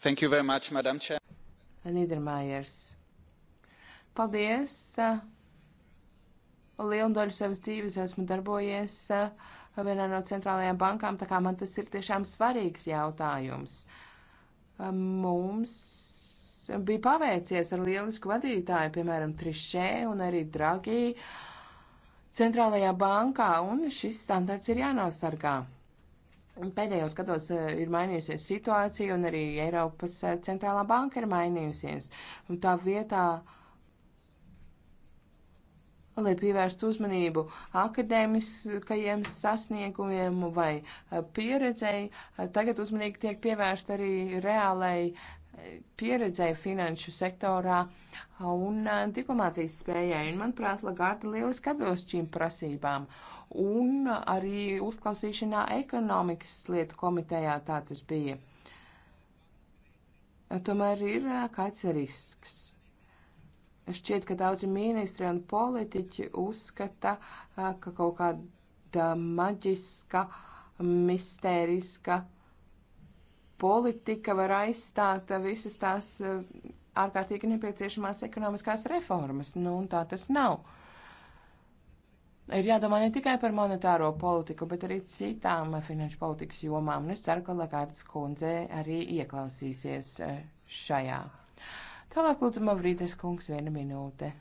Thank you very much, Madam Chair. Nīdermājers. Paldies! Lielu daļu savas dzīves esmu darbojies uh, vienā no centrālajām bankām, tā kā man tas ir tiešām svarīgs jautājums. Uh, mums bija paveicies ar lielisku vadītāju, piemēram, Trišē un arī Dragī centrālajā bankā, un šis standarts ir jānosargā. Pēdējos gados eh, ir mainījusies situācija, un arī Eiropas eh, centrālā banka ir mainījusies. Un tā vietā, lai pievērstu uzmanību akadēmiskajiem sasniegumiem vai eh, pieredzei, tagad uzmanīgi tiek pievērsta arī reālai pieredzēju finanšu sektorā un diplomātijas spējai, un, manuprāt, Lagarda lieliski atbilst šīm prasībām un arī uzklausīšanā ekonomikas lietu komitejā tā tas bija. Tomēr ir kāds risks. Šķiet, ka daudzi ministri un politiķi uzskata, ka kaut kāda maģiska, mistēriska politika var aizstāt visas tās ārkārtīgi nepieciešamās ekonomiskās reformas. Nu, un tā tas nav. Ir jādomā ne tikai par monetāro politiku, bet arī citām finanšu politikas jomām. Un es ceru, ka Lakārtas kundze arī ieklausīsies eh, šajā. Tālāk lūdzu Mavrītes kungs viena minūte.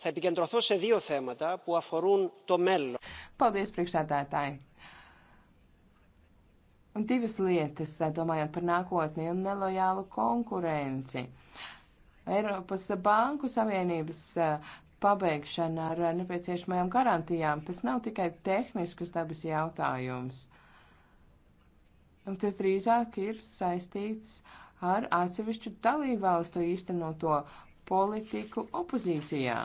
Θα επικεντρωθώ σε δύο θέματα που αφορούν το μέλλον. Paldies, priekšsādātāji! Divas lietas, domājot par nākotni un nelojālu konkurenci. Uh, Eiropas Banku Savienības eh, pabeigšana ar eh, nepieciešamajām garantijām. Tas nav tikai tehnisks dabas jautājums. Tas drīzāk ir saistīts ar atsevišķu dalībvalstu īstenoto politiku opozīcijā.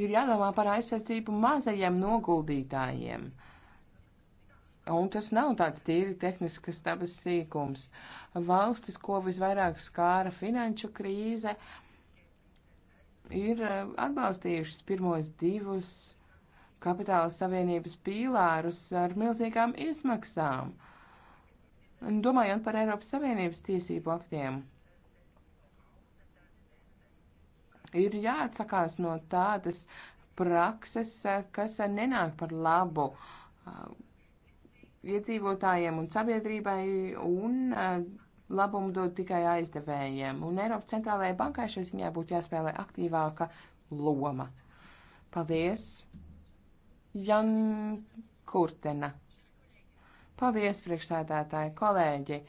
Ir jādomā par aizsardzību mazajiem noguldītājiem. Un tas nav tāds tīri tehniskas dabas sīkums. Valstis, ko visvairāk skāra finanšu krīze, ir eh, atbalstījušas pirmos divus kapitāla savienības pīlārus ar milzīgām izmaksām. Domājot par Eiropas Savienības tiesību aktiem, ir jāatsakās no tādas prakses, eh, kas nenāk par labu eh, iedzīvotājiem un sabiedrībai un eh, labumu dod tikai aizdevējiem. Un Eiropas centrālajai bankai šai ziņā būtu jāspēlē aktīvāka loma. Paldies! Jan Kurtena. Paldies, priekšsēdētāji, kolēģi!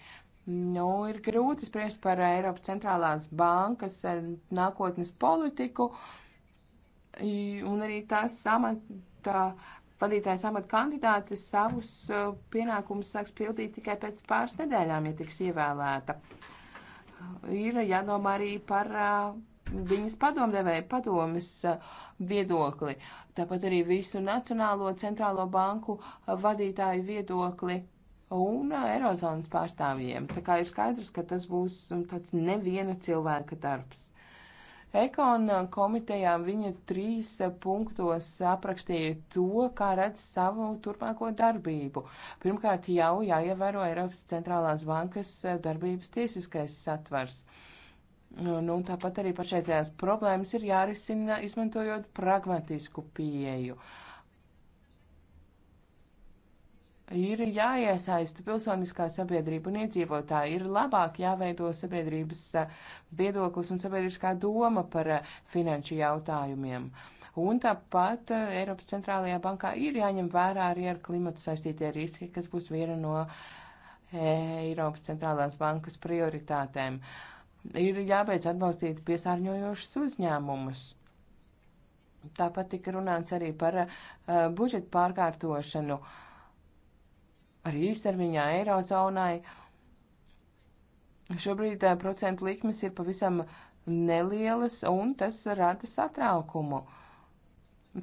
Nu, ir grūti spriest par Eiropas centrālās bankas eh, nākotnes politiku, un arī tās samata vadītājas amata kandidāte savus uh, pienākumus sāks pildīt tikai pēc pāris nedēļām, ja tiks ievēlēta. Ir jādomā arī par uh, viņas padomdevēja padomas uh, viedokli, tāpat arī visu Nacionālo centrālo banku vadītāju viedokli un Eirozonas pārstāvjiem. Tā kā ir skaidrs, ka tas būs um, tāds neviena cilvēka darbs. Ekona komitejā viņa trīs punktos aprakstīja to, kā redz savu turpmāko darbību. Pirmkārt, jau jāievēro Eiropas centrālās bankas darbības tiesiskais satvars. Nu, tāpat arī pašreizējās problēmas ir jārisina, izmantojot pragmatisku pieeju. Uh, Ir jāiesaista pilsoniskā sabiedrība un iedzīvotāji, ir labāk jāveido sabiedrības viedoklis un sabiedriskā doma par finanšu jautājumiem. Un tāpat Eiropas centrālajā bankā ir jāņem vērā arī ar klimatu saistītie riski, kas būs viena no Eiropas centrālās bankas prioritātēm. Ir jābeidz atbalstīt piesārņojošus uzņēmumus. Tāpat tika runāts arī par uh, budžetu pārkārtošanu. Uh, arī īstermiņā Eirozonai. Šobrīd procentu likmes ir pavisam nelielas, un tas rada satraukumu.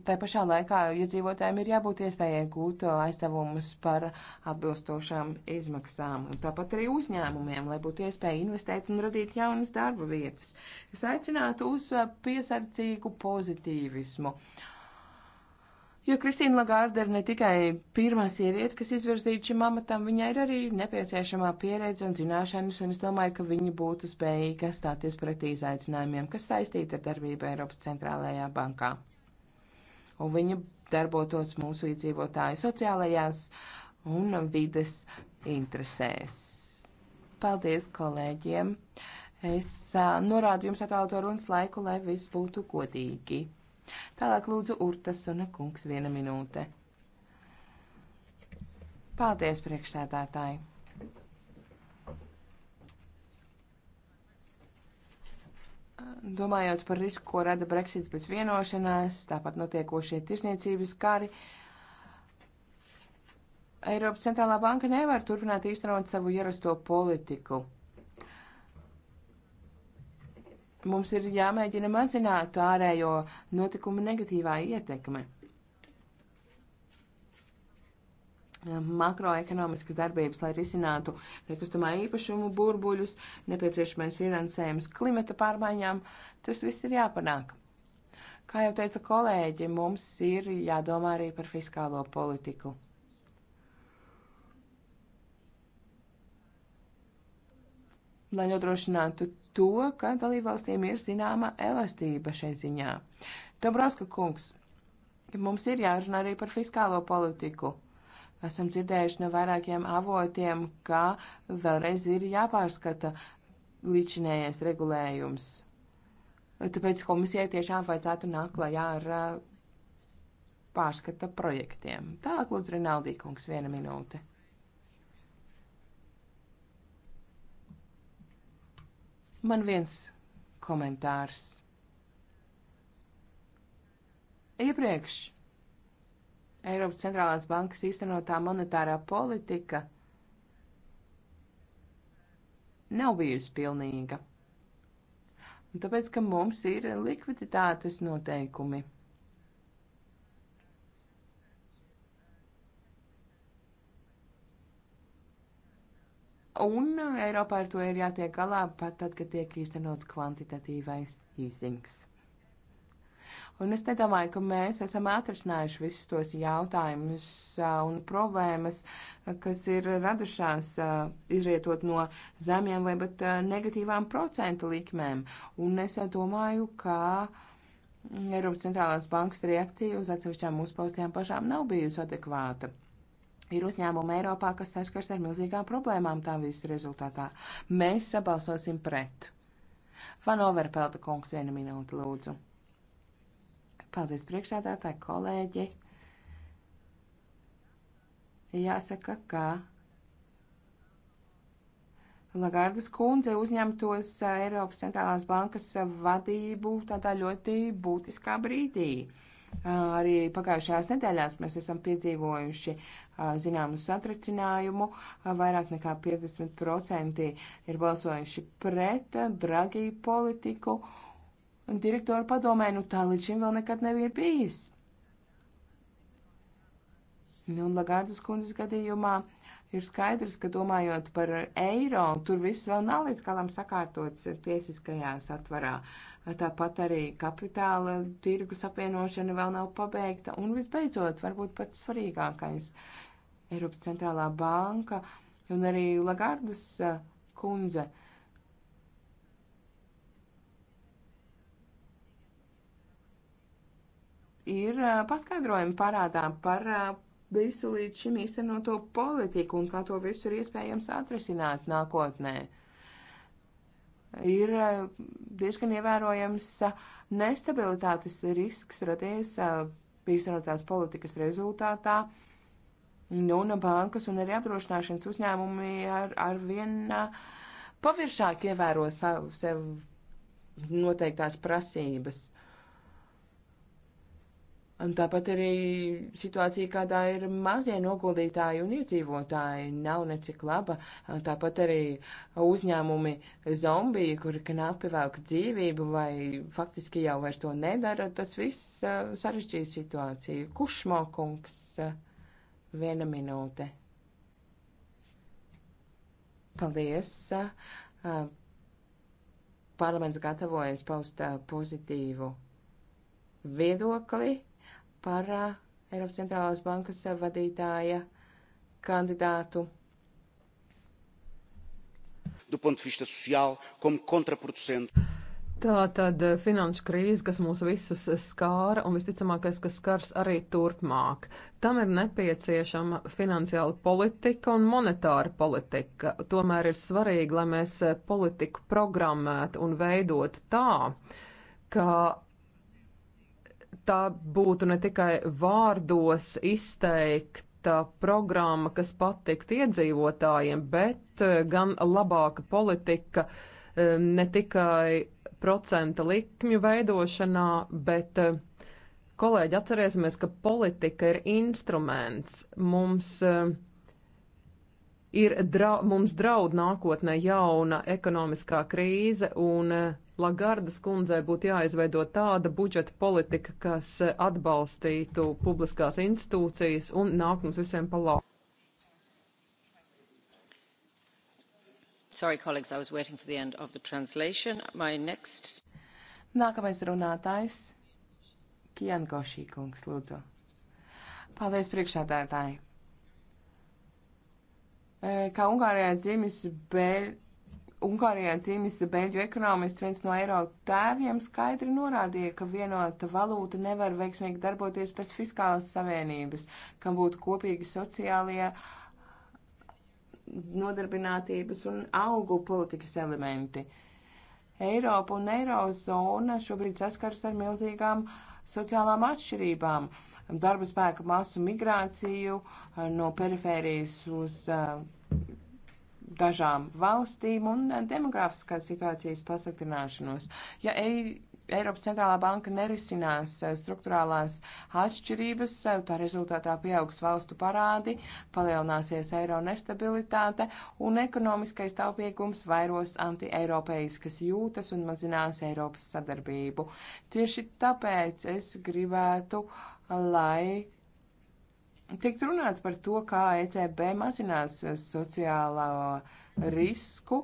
Tā pašā laikā iedzīvotājiem ja ir jābūt iespējai gūt aizdevumus par atbilstošām izmaksām, un tāpat arī uzņēmumiem, lai būtu iespēja investēt un radīt jaunas darba vietas. Es aicinātu uz piesardzīgu pozitīvismu. Uh, Jo Kristīna Lagarde ir ne tikai pirmā sieviete, kas izvirzīta šim amatam, viņai ir arī nepieciešamā pieredze un zināšanas, un es domāju, ka viņa būtu spējīga stāties pretī izaicinājumiem, kas saistīti ar darbību Eiropas centrālajā bankā. Un viņa darbotos mūsu iedzīvotāju sociālajās un vides interesēs. Paldies kolēģiem! Es uh, norādu jums atvēlēto runas laiku, lai viss būtu godīgi. Tālāk lūdzu Urtas un kungs viena minūte. Paldies, priekšsēdētāji! Domājot par risku, ko rada Brexits bez vienošanās, tāpat notiekošie tirsniecības kari, Eiropas centrālā banka nevar turpināt īstenot savu ierasto politiku. Mums ir jāmēģina mazināt ārējo notikumu negatīvā ietekme. makroekonomiskas darbības, lai risinātu nekustamā īpašumu burbuļus, nepieciešamais finansējums klimata pārmaiņām, tas viss ir jāpanāk. Kā jau teica kolēģi, mums ir jādomā arī par fiskālo politiku. Lai nodrošinātu to, ka dalībvalstīm ir zināma elastība šai ziņā. Dombrovska kungs, mums ir jārunā arī par fiskālo politiku. Esam dzirdējuši no vairākiem avotiem, ka vēlreiz ir jāpārskata līdzinējais regulējums. Tāpēc komisijai tiešām vajadzētu nākt klajā ar pārskata projektiem. Tālāk, lūdzu, Rinaldī kungs, viena minūte. Man viens komentārs. Iepriekš Eiropas centrālās bankas īstenotā monetārā politika nav bijusi pilnīga. Un tāpēc, ka mums ir likviditātes noteikumi. Un Eiropā ar to ir jātiek galā pat tad, kad tiek īstenots kvantitatīvais īzings. Un es nedomāju, ka mēs esam atrisinājuši visus tos jautājumus un problēmas, kas ir radušās izrietot no zemiem vai pat negatīvām procentu likmēm. Un es domāju, ka mm, Eiropas centrālās bankas reakcija uz atsevišķām uzpaustajām pašām nav bijusi adekvāta. Ir uzņēmumi Eiropā, kas saskars ar milzīgām problēmām tā visa rezultātā. Mēs sabalsosim pret. Van Overpelta kungs, viena minūte, lūdzu. Paldies priekšādātāji, kolēģi. Jāsaka, ka Lagardas kundze uzņemtos eh, Eiropas centrālās bankas vadību tādā ļoti būtiskā brīdī. Uh, Arī pagājušajās nedēļās mēs esam piedzīvojuši zināmu satricinājumu. Vairāk nekā 50% ir balsojuši pret Dragi politiku. Direktoru padomē, nu tā līdz šim vēl nekad nebija bijis. Nu, un Lagārdas kundzes gadījumā uh, ir skaidrs, ka domājot par eiro, tur viss vēl nav līdz galam sakārtots tiesiskajā satvarā. Tāpat arī kapitāla tirgus apvienošana vēl nav pabeigta. Un visbeidzot, varbūt pats svarīgākais - Eiropas centrālā banka un arī Lagardas eh, kundze. Ir eh, paskaidrojumi parādā par eh, visu līdz šim īstenoto politiku un kā to visu ir iespējams atrisināt nākotnē. Ir eh, diezgan ievērojams eh, nestabilitātes risks radies eh, īstenotās politikas rezultātā. Nu, un bankas un arī apdrošināšanas uzņēmumi ar, ar vien paviršāk ievēro savu, sev noteiktās prasības. Uh, Un tāpat arī situācija, kādā ir mazie noguldītāji un iedzīvotāji, nav necik laba. Tāpat arī uzņēmumi zombiji, kuri knapi velk dzīvību vai faktiski jau vairs to nedara, tas viss sarežģīja situāciju. Kušmokungs, viena minūte. Paldies. Parlaments gatavojas paust pozitīvu viedokli par Eiropas centrālās bankas vadītāja kandidātu. Do ponto de vista social, como contraproducente. Tā tad finanšu krīze, kas mūs visus skāra un visticamākais, kas skars arī turpmāk. Tam ir nepieciešama finansiāla politika un monetāra politika. Tomēr ir svarīgi, lai mēs politiku programmētu un veidotu tā, ka tā būtu ne tikai vārdos izteikta programma, kas patiktu iedzīvotājiem, bet eh, gan labāka politika eh, ne tikai procenta likmju veidošanā, bet eh, kolēģi atcerēsimies, ka politika ir instruments. Mums ir dra mums draud nākotnē jauna ekonomiskā krīze un Lagardas kundzei būtu jāizveido tāda budžeta politika, kas atbalstītu publiskās institūcijas un nāk mums visiem pa labu. Sorry, colleagues, I was waiting for the end of the translation. My next... Nākamais runātājs - Kiankošī kungs, lūdzu. Paldies, priekšādātāji! Kā Ungārijā dzimis Bēļ Ungārijā dzimis beļģu ekonomists, viens no eiro tēviem, skaidri norādīja, ka vienota valūta nevar veiksmīgi darboties bez fiskālas savienības, kam būtu kopīgi sociālie nodarbinātības un augu politikas elementi. Eiropa un eirozona šobrīd saskaras ar milzīgām sociālām atšķirībām darba spēka masu migrāciju no perifērijas uz uh, dažām valstīm un demografiskās situācijas pasliktināšanos. Ja ei, Eiropas centrālā banka nerisinās eh, struktūrālās atšķirības, eh, tā rezultātā pieaugs valstu parādi, palielināsies eiro nestabilitāte un ekonomiskais taupīgums vairos antieiropeiskas jūtas un mazinās Eiropas sadarbību. Tieši tāpēc es gribētu, lai Tikt runāts par to, kā ECB mazinās eh, sociālā risku,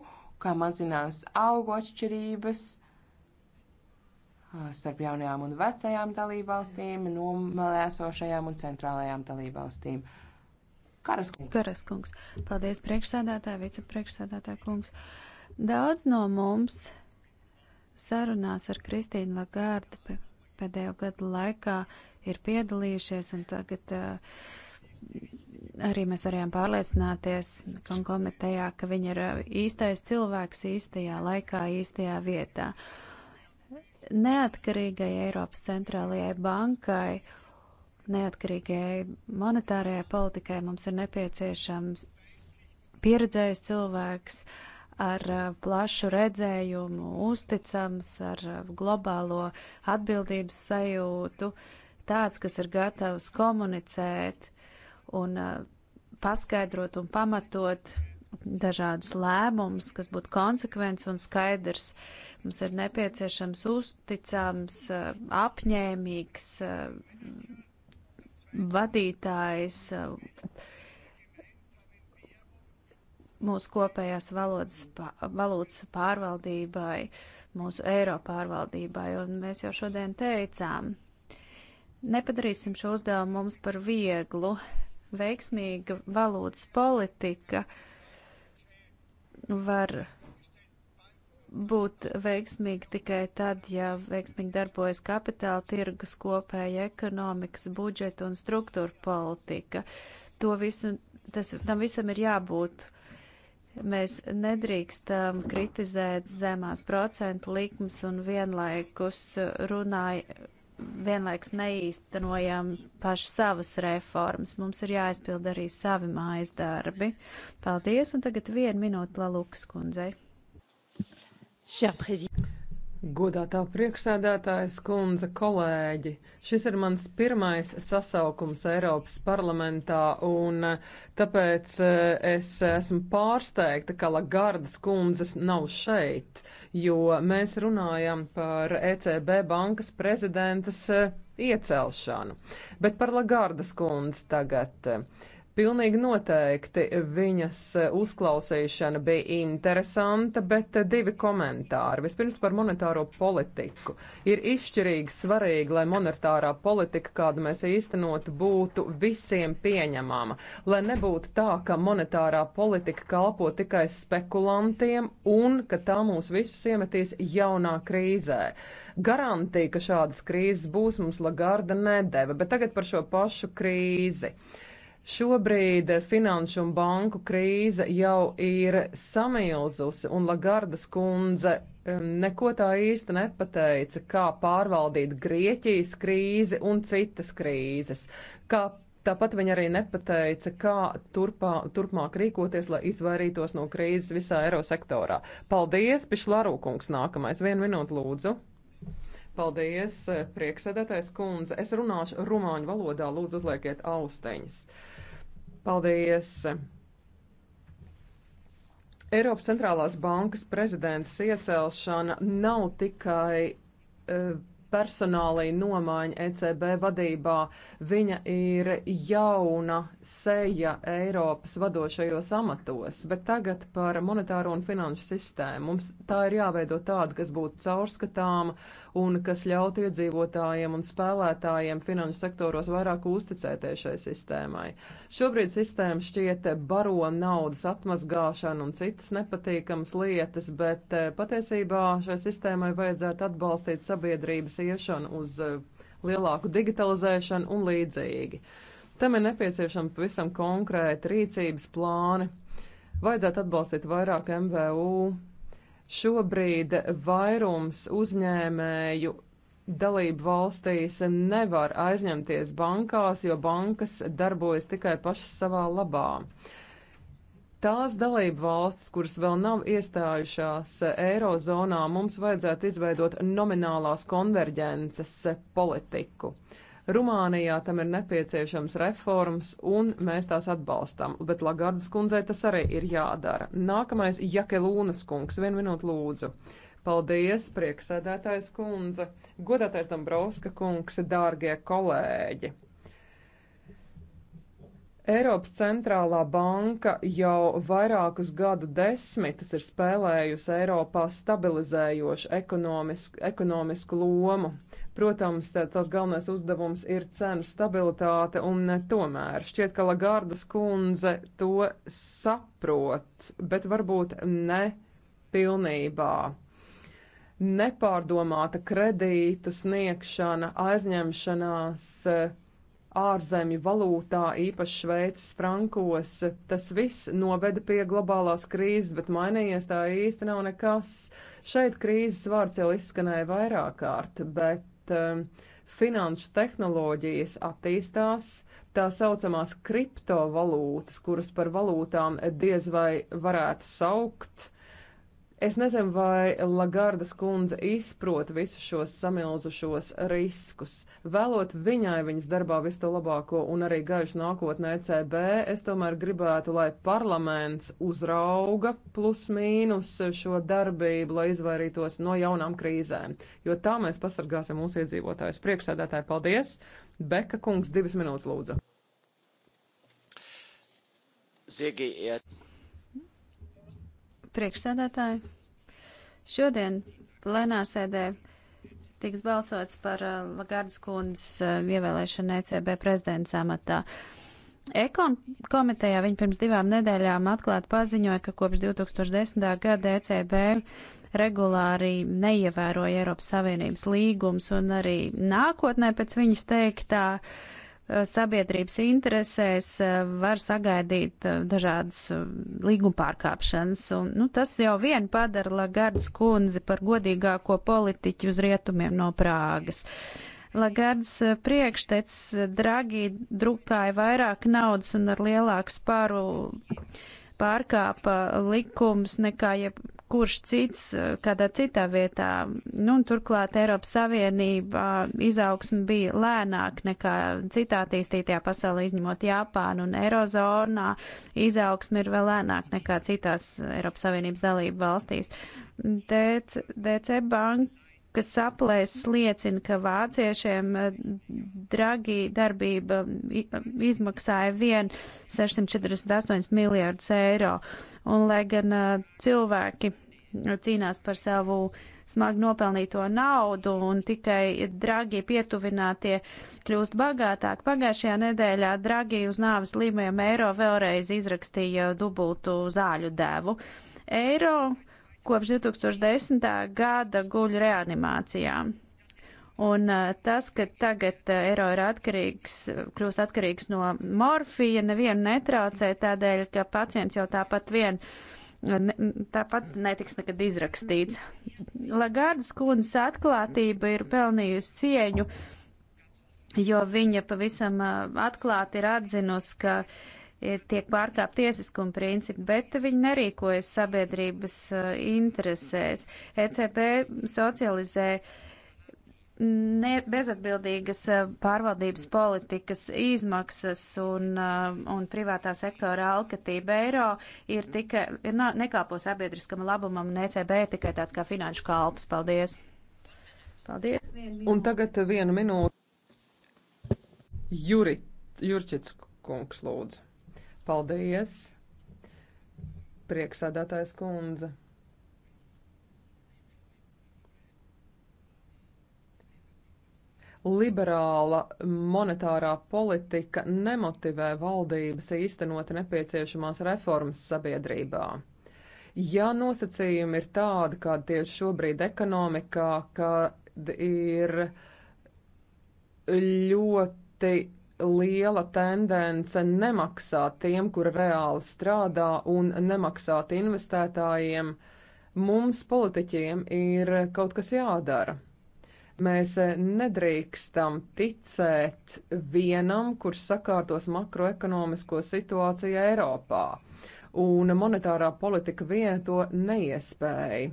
kā mazinās algu atšķirības eh, starp jaunajām un vecajām dalībvalstīm, nomalēsošajām un centrālajām dalībvalstīm. Karaskungs. Karaskungs. Paldies priekšsēdētāji, vicepriekšsēdētāji kungs. Daudz no mums sarunās ar Kristīnu Lagardu pēdējo gadu laikā ir piedalījušies, un tagad eh, arī mēs varējām pārliecināties komitejā, ka viņi ir eh, īstais cilvēks īstajā laikā, īstajā vietā. Neatkarīgai Eiropas centrālajai bankai, neatkarīgai monetārajai politikai mums ir nepieciešams pieredzējis cilvēks, uh, ar uh, plašu redzējumu, uzticams, ar uh, globālo atbildības sajūtu, tāds, kas ir gatavs komunicēt un uh, paskaidrot un pamatot dažādus lēmumus, kas būtu konsekvents un skaidrs. Mums ir nepieciešams uzticams, apņēmīgs vadītājs mūsu kopējās valodas, valūtas pārvaldībai, mūsu eiro pārvaldībai, un mēs jau šodien teicām, nepadarīsim šo uzdevumu mums par vieglu, veiksmīga valūtas politika var būt veiksmīgi tikai tad, ja veiksmīgi darbojas kapitāla tirgus, kopēja ekonomikas, budžeta un struktūra politika. To visu, tas, tam visam ir jābūt Mēs nedrīkstam kritizēt zemās procentu likmes un vienlaikus runāja, vienlaikus neīstenojam paši savas reformas. Mums ir jāizpild arī savi mājas darbi. Paldies, un tagad vienu minūtu Lalukas kundzei. Godātā priekšsēdētājas kundze, kolēģi, šis ir mans pirmais sasaukums Eiropas parlamentā, un eh, tāpēc eh, es esmu pārsteigta, ka Lagardas kundzes nav šeit, jo mēs runājam par ECB bankas prezidentas eh, iecelšanu. Bet par Lagardas kundzi tagad. Uh, Pilnīgi noteikti viņas eh, uzklausīšana bija interesanta, bet eh, divi komentāri. Vispirms par monetāro politiku. Ir izšķirīgi svarīgi, lai monetārā politika, kādu mēs īstenotu, būtu visiem pieņemama. Lai nebūtu tā, ka monetārā politika kalpo tikai spekulantiem un ka tā mūs visus iemetīs jaunā krīzē. Garantīja, ka šādas krīzes būs, mums Lagarda nedēva, bet tagad par šo pašu krīzi. Uh, Šobrīd finanšu un banku krīze jau ir samilzusi, un Lagardas kundze neko tā īsti nepateica, kā pārvaldīt Grieķijas krīzi un citas krīzes. Kā tāpat viņa arī nepateica, kā turpā, turpmāk rīkoties, lai izvairītos no krīzes visā eiro sektorā. Paldies, Pišlarūkungs, nākamais. Vienu minūtu lūdzu. Paldies, prieksēdētais kundze. Es runāšu rumāņu valodā, lūdzu uzliekiet austeņas. Uh, Paldies! Eiropas centrālās bankas prezidentas iecelšana nav tikai uh, personālī nomaiņa ECB vadībā. Viņa ir jauna seja Eiropas vadošajos amatos, bet tagad par monetāro un finanšu sistēmu. Mums tā ir jāveido tāda, kas būtu caurskatāma un kas ļaut iedzīvotājiem un spēlētājiem finanšu sektoros vairāk uzticēties šai sistēmai. Šobrīd sistēma šķiet baro naudas atmazgāšanu un citas nepatīkamas lietas, bet eh, patiesībā šai sistēmai vajadzētu atbalstīt sabiedrības iešanu uz eh, lielāku digitalizēšanu un līdzīgi. Tam ir nepieciešama pavisam konkrēta rīcības plāni. Vajadzētu atbalstīt vairāk MVU, Šobrīd vairums uzņēmēju dalību valstīs nevar aizņemties bankās, jo bankas darbojas tikai pašas savā labā. Tās dalību valstis, kuras vēl nav iestājušās Eirozonā, mums vajadzētu izveidot nominālās konverģences politiku. Uh, Rumānijā tam ir nepieciešams reformas, un mēs tās atbalstam, bet Lagardas kundzei tas arī ir jādara. Nākamais - Jakelūnas kungs, vienu minūtu lūdzu. Paldies, prieksēdētājs kundze, godātais Dombrovska kungs, dārgie kolēģi! Eiropas centrālā banka jau vairākus gadu desmitus ir spēlējusi Eiropā stabilizējošu ekonomisku, ekonomisku lomu. Protams, tās galvenais uzdevums ir cenu stabilitāte, un e, tomēr šķiet, ka Lagardas kundze to saprot, bet varbūt ne pilnībā. Nepārdomāta kredītu sniegšana, aizņemšanās e, ārzemju valūtā, īpaši Šveices frankos. Tas viss noveda pie globālās krīzes, bet mainījies tā īsti nav nekas. Šeit krīzes vārds jau izskanēja vairāk kārt, bet um, finanšu tehnoloģijas attīstās, tā saucamās kriptovalūtas, kuras par valūtām diez vai varētu saukt. Es nezinu, vai Lagardas kundze izprot visus šos samilzušos riskus. Vēlot viņai viņas darbā visu to labāko un arī gaišu nākotnē ECB, es tomēr gribētu, lai parlaments uzrauga plus mīnus šo darbību, lai izvairītos no jaunām krīzēm, jo tā mēs pasargāsim mūsu iedzīvotājus. Priekšsēdētāji, paldies! Beka kungs, divas minūtes lūdzu. Sehr geehrt. Priekšsēdētāji, šodien plenārsēdē tiks balsots par uh, Lagardas kundzes uh, ievēlēšanu ECB prezidents amatā. Ekon komitejā viņa pirms divām nedēļām atklāti paziņoja, ka kopš 2010. gada ECB regulāri neievēroja Eiropas Savienības līgums un arī nākotnē pēc viņas teiktā uh, Eh, sabiedrības interesēs eh, var sagaidīt eh, dažādas līguma pārkāpšanas. Un, nu, tas jau vien padara Lagardas kundzi par godīgāko politiķu uz rietumiem no Prāgas. Lagardas priekštecis Dragi drukāja vairāk naudas un ar lielāku spāru pārkāpa likums nekā jebkurš cits eh, kādā citā vietā. Nu, un turklāt Eiropas Savienībā eh, izaugsme bija lēnāk nekā citā attīstītajā pasaulē, izņemot Japānu un Eirozonā. Izaugsme ir vēl lēnāk nekā citās Eiropas Savienības dalību valstīs. DC, DC banka kas aplēses liecina, ka vāciešiem eh, dragi darbība eh, izmaksāja vien 648 miljārdus eiro. Un lai gan eh, cilvēki cīnās par savu smagi nopelnīto naudu un tikai dragi pietuvinātie kļūst bagātāk. Pagājušajā nedēļā dragi uz nāves līmējiem eiro vēlreiz izrakstīja dubultu zāļu devu. Eiro kopš 2010. gada guļ reanimācijā. Un tas, ka tagad eiro ir atkarīgs, kļūst atkarīgs no morfija, nevienu netraucē tādēļ, ka pacients jau tāpat vien tāpat netiks nekad izrakstīts. Lagardas kundzes atklātība ir pelnījusi cieņu, jo viņa pavisam atklāti ir atzinusi, ka uh, tiek pārkāpt tiesiskuma principi, bet viņi nerīkojas sabiedrības uh, interesēs. ECB socializē ne, bezatbildīgas uh, pārvaldības politikas izmaksas un, uh, un privātā sektora alkatība eiro ir tikai, ir nekalpo sabiedriskam labumam un ECB ir tikai tāds kā finanšu kalps. Paldies! Paldies! Un tagad vienu minūtu. Jurit, Jurčits kungs lūdzu. Paldies, prieksādātājs kundze. liberāla monetārā politika nemotivē valdības īstenot nepieciešamās reformas sabiedrībā. Ja nosacījumi ir tādi, kādi tieši šobrīd ekonomikā, kad ir ļoti liela tendence nemaksāt tiem, kuri reāli strādā, un nemaksāt investētājiem, mums, politiķiem, ir kaut kas jādara. Mēs nedrīkstam ticēt vienam, kurš sakārtos makroekonomisko situāciju Eiropā, un monetārā politika viena to neiespēja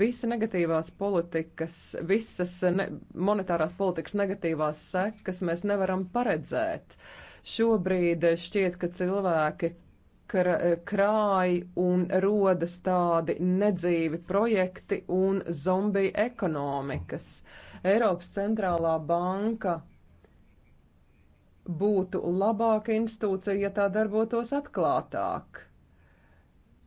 visa negatīvās politikas, visas ne, monetārās politikas negatīvās sekas mēs nevaram paredzēt. Šobrīd šķiet, ka cilvēki krāj un rodas tādi nedzīvi projekti un zombiju ekonomikas. Eiropas centrālā banka būtu labāka institūcija, ja tā darbotos atklātāk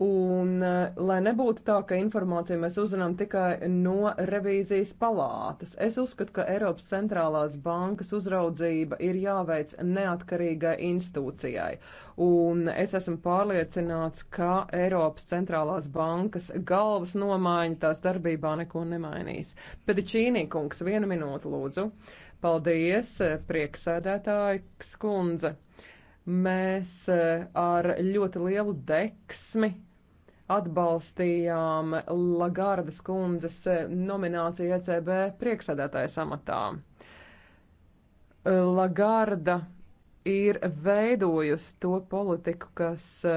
Un, eh, lai nebūtu tā, ka informāciju mēs uzzinām tikai no revīzijas palātas, es uzskatu, ka Eiropas centrālās bankas uzraudzība ir jāveic neatkarīgai institūcijai. Un es esmu pārliecināts, ka Eiropas centrālās bankas galvas nomaiņa tās darbībā neko nemainīs. Pedičīnī kungs, viena minūte lūdzu. Paldies, eh, prieksēdētāji skundze mēs eh, ar ļoti lielu deksmi atbalstījām Lagardas kundzes e, nomināciju ECB priekšsēdētājas amatā. Lagarda ir veidojusi to politiku, kas e,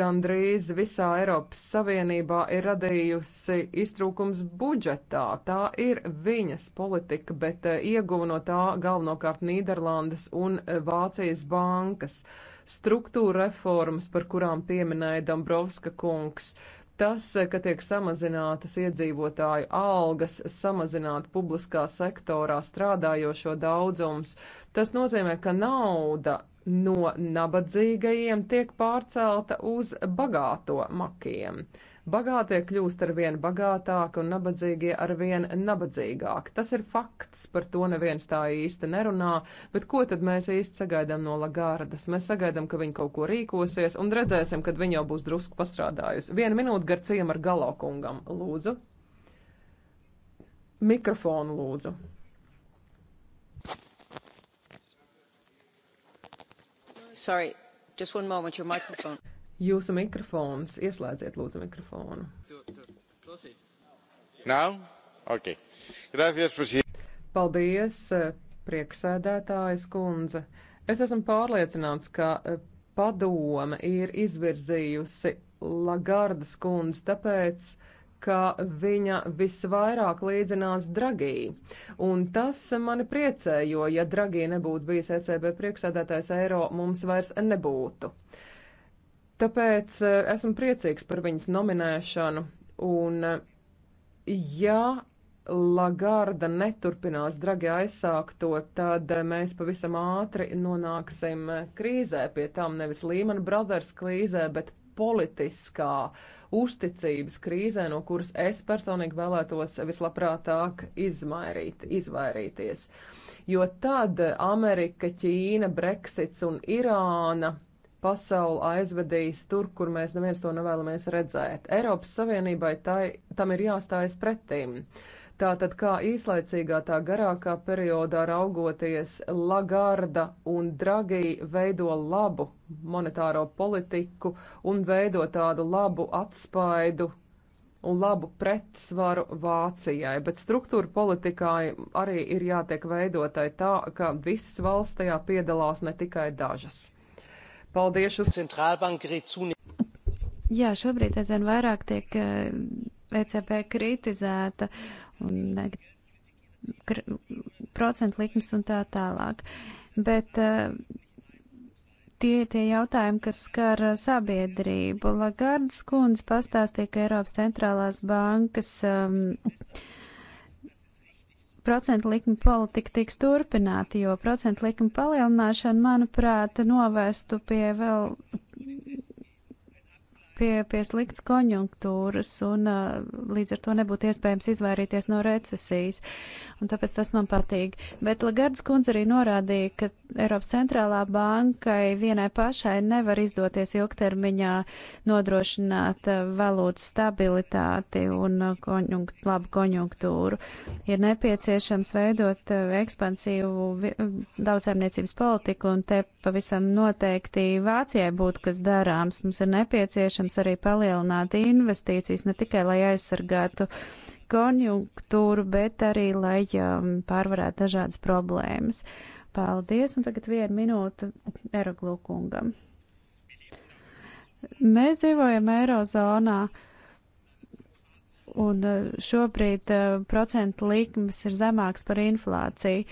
gandrīz visā Eiropas Savienībā ir radījusi iztrūkums budžetā. Tā ir viņas politika, bet e, ieguva no tā galvenokārt Nīderlandes un Vācijas bankas. Uh, struktūra reformas, par kurām pieminēja Dombrovska kungs. Tas, ka tiek samazinātas iedzīvotāju algas, samazināt publiskā sektorā strādājošo daudzums, tas nozīmē, ka nauda no nabadzīgajiem tiek pārcelta uz bagāto makiem. Uh, Bagātie kļūst ar vien bagātāki un nabadzīgie ar vien nabadzīgāki. Tas ir fakts, par to neviens tā īsti nerunā, bet ko tad mēs īsti sagaidām no Lagārdas? Mēs sagaidām, ka viņa kaut ko rīkosies un redzēsim, kad viņa jau būs drusku pastrādājusi. Vienu minūtu garciem ar galokungam, lūdzu. Mikrofonu lūdzu. Sorry, just one moment, your microphone jūsu mikrofons. Ieslēdziet, lūdzu, mikrofonu. Nav? Ok. Gracias, presidente. Paldies, prieksēdētājas kundze. Es esmu pārliecināts, ka eh, padome ir izvirzījusi Lagardas kundzi, tāpēc ka viņa visvairāk līdzinās Dragī. Un tas mani priecē, jo ja Dragī nebūtu bijis ECB priekšsēdētājs eiro, mums vairs nebūtu. Uh, Tāpēc eh, esmu priecīgs par viņas nominēšanu. Un, eh, ja Lagarda neturpinās dragi aizsākto, tad eh, mēs pavisam ātri nonāksim krīzē, pie tām nevis Lehman Brothers krīzē, bet politiskā uzticības krīzē, no kuras es personīgi vēlētos vislabprātāk izmairīt, izvairīties. Jo tad Amerika, Ķīna, Brexits un Irāna pasauli aizvedīs tur, kur mēs neviens to nevēlamies redzēt. Eiropas Savienībai tai, tam ir jāstājas pretīm. Tātad kā īslaicīgā, tā garākā periodā raugoties, Lagarda un Dragī veido labu monetāro politiku un veido tādu labu atspaidu un labu pretsvaru Vācijai, bet struktūra politikai arī ir jātiek veidotai tā, ka visas valsts tajā piedalās ne tikai dažas. Paldies! Uz... Jā, šobrīd aizvien vairāk tiek ECB eh, e kritizēta un kri, procentu likmes un tā tālāk. Bet uh, tie ir tie jautājumi, kas skar sabiedrību. Lagardas kundze pastāstīja, ka Eiropas centrālās bankas um, procentu likmi politika tiks turpināta, jo procentu likmi palielināšana, manuprāt, novestu pie vēl pie, pie slikts konjunktūras un līdz ar to nebūtu iespējams izvairīties no recesijas. Un tāpēc tas man patīk. Bet Lagardas kundze arī norādīja, ka Eiropas centrālā bankai vienai pašai nevar izdoties ilgtermiņā nodrošināt valūtu stabilitāti un konjunkt, labu konjunktūru. Ir nepieciešams veidot ekspansīvu daudzsaimniecības politiku un te pavisam noteikti Vācijai būtu kas darāms. Mums ir nepieciešams nepieciešams arī palielināt investīcijas ne tikai, lai aizsargātu konjunktūru, bet arī, lai um, pārvarētu dažādas problēmas. Paldies, un tagad viena minūte Eroglūkungam. Mēs dzīvojam Eirozonā. Un uh, šobrīd uh, procentu likmes ir zemāks par inflāciju.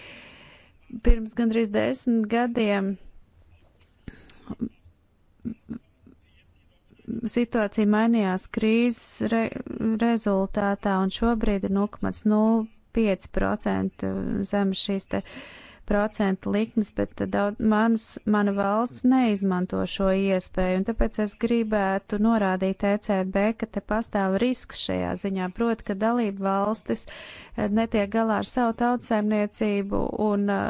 Pirms gandrīz desmit gadiem situācija mainījās krīzes re rezultātā un šobrīd ir 0,05% zem šīs te procentu likmes, bet daudz, mans, mana valsts neizmanto šo iespēju, un tāpēc es gribētu norādīt ECB, ka te pastāv risks šajā ziņā, proti, ka dalība valstis netiek galā ar savu tautsēmniecību un uh,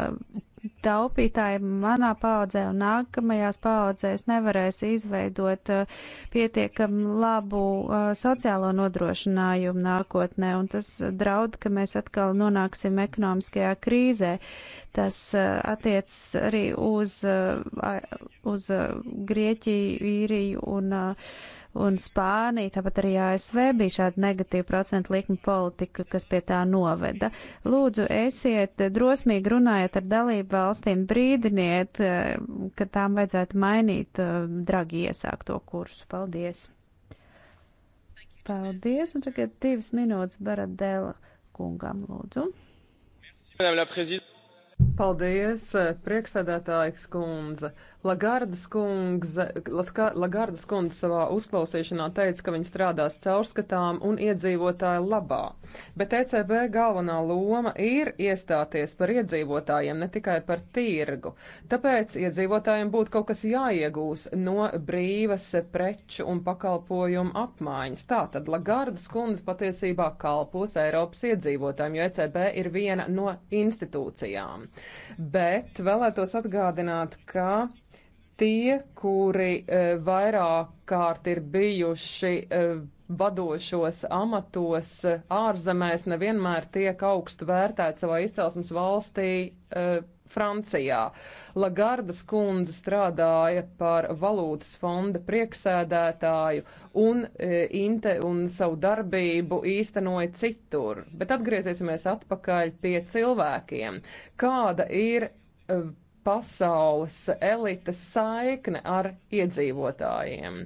taupītāji manā paudzē un nākamajās paudzēs nevarēs izveidot eh, pietiekam labu eh, sociālo nodrošinājumu nākotnē, un tas draud, ka mēs atkal nonāksim ekonomiskajā krīzē. Tas eh, attiec arī uz, uz Grieķiju, īriju un uh, un Spānija, tāpat arī ASV bija šāda negatīva procentu likuma politika, kas pie tā noveda. Lūdzu, esiet drosmīgi runājot ar dalību valstīm, brīdiniet, eh, ka tām vajadzētu mainīt eh, dragi iesākto kursu. Paldies! Paldies, un tagad divas minūtes Baradela kungam, lūdzu. Madame la Présidente. Paldies, prieksēdētājs kundze. Lagardas kundze, Lagardas kundze savā uzklausīšanā teica, ka viņi strādās caurskatām un iedzīvotāju labā. Bet ECB galvenā loma ir iestāties par iedzīvotājiem, ne tikai par tirgu. Tāpēc iedzīvotājiem būtu kaut kas jāiegūs no brīvas preču un pakalpojumu apmaiņas. Tātad Lagardas kundze patiesībā kalpos Eiropas iedzīvotājiem, jo ECB ir viena no institūcijām. Bet vēlētos atgādināt, ka tie, kuri e, vairāk kārt ir bijuši e, vadošos amatos e, ārzemēs, nevienmēr tiek augstu vērtēti savā izcelsmes valstī Francijā. Lagardas kundze strādāja par valūtas fonda prieksēdētāju un, e, inte, un savu darbību īstenoja citur. Bet atgriezīsimies atpakaļ pie cilvēkiem. Kāda ir e, pasaules elites saikne ar iedzīvotājiem?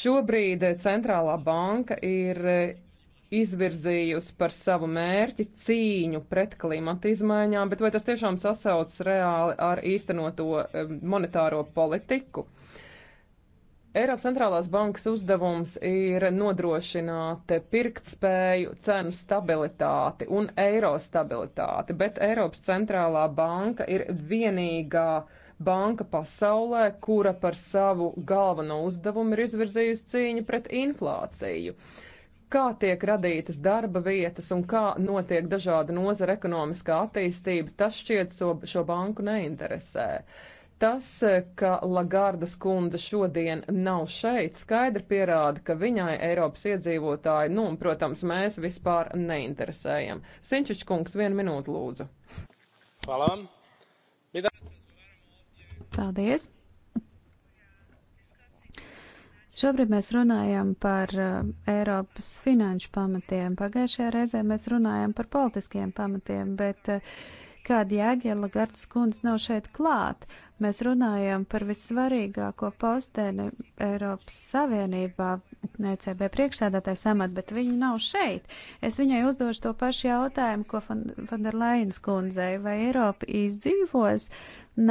Šobrīd centrālā banka ir e, izvirzījusi par savu mērķi cīņu pret klimata izmaiņām, bet vai tas tiešām sasaucas reāli ar īstenoto monetāro politiku? Eiropas centrālās bankas uzdevums ir nodrošināt pirktspēju, cenu stabilitāti un eiro stabilitāti, bet Eiropas centrālā banka ir vienīgā banka pasaulē, kura par savu galveno uzdevumu ir izvirzījusi cīņu pret inflāciju. Uh, kā tiek radītas darba vietas un kā notiek dažāda nozara ekonomiskā attīstība, tas šķiet so, šo banku neinteresē. Tas, ka Lagardas kundze šodien nav šeit, skaidri pierāda, ka viņai Eiropas iedzīvotāji, nu, un, protams, mēs vispār neinteresējam. Sinčič kungs, vienu minūtu lūdzu. Paldies! Šobrīd mēs runājam par eh, Eiropas finanšu pamatiem. Pagājušajā reizē mēs runājam par politiskiem pamatiem, bet eh, kāda jēga, ja Lagardas kundze nav šeit klāt? Mēs runājam par vissvarīgāko postēni Eiropas Savienībā, ECB priekšsēdētāja samat, bet viņa nav šeit. Es viņai uzdošu to pašu jautājumu, ko Fanderlainas kundzei, vai Eiropa izdzīvos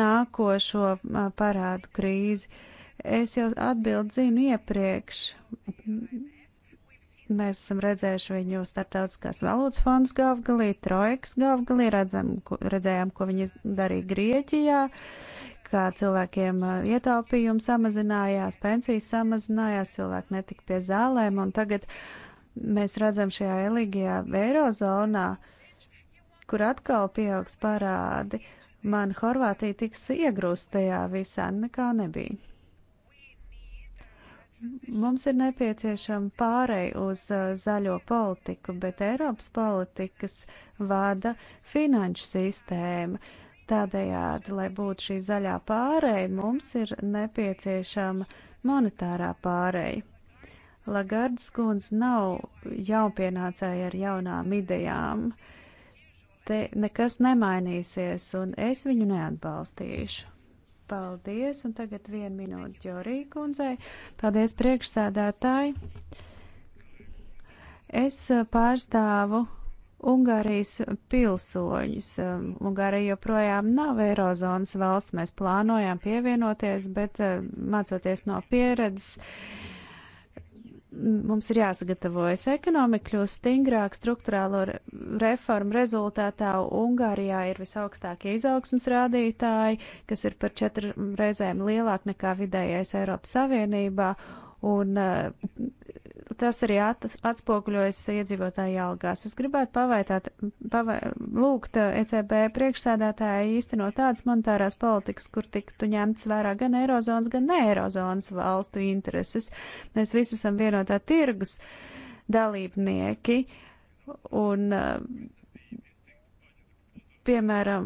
nākošo eh, parādu krīzi. Uh, Es jau atbildu zinu iepriekš. Mēs esam redzējuši viņu startautiskās valūtas fonds galvgalī, trojkas galvgalī, redzam, ko, redzējām, ko viņi darīja Grieķijā, kā cilvēkiem ietaupījumi samazinājās, pensijas samazinājās, cilvēki netika pie zālēm, un tagad mēs redzam šajā elīgajā eirozonā, kur atkal pieaugs parādi. Man Horvātija tiks iegrūst tajā visā, nekā nebija. Mums ir nepieciešama pārēja uz uh, zaļo politiku, bet Eiropas politikas vada finanšu sistēma. Tādējādi, lai būtu šī zaļā pārēja, mums ir nepieciešama monetārā pārēja. Lagardas kundze nav jaunpienācēja ar jaunām idejām. Te nekas nemainīsies, un es viņu neatbalstīšu. Paldies, un tagad vienu minūti Jorī kundzei. Paldies, priekšsēdētāji. Es eh, pārstāvu Ungārijas pilsoņus. Um, Ungārija joprojām nav Eirozonas valsts, mēs plānojām pievienoties, bet eh, mācoties no pieredzes mums ir jāsagatavojas. Ekonomika kļūst stingrāk, struktūrālo reformu rezultātā Ungārijā ir visaugstākie izaugsmas rādītāji, kas ir par četri reizēm lielāk nekā vidējais Eiropas Savienībā, un uh, tas arī at, atspoguļojas iedzīvotāju algās. Es gribētu pavaitāt, pavai, lūgt ECB eh, e priekšsēdētāji īstenot tādas monetārās politikas, kur tiktu ņemts vērā gan eirozonas, gan ne eirozonas valstu intereses. Mēs visi esam vienotā tirgus dalībnieki un, eh, piemēram,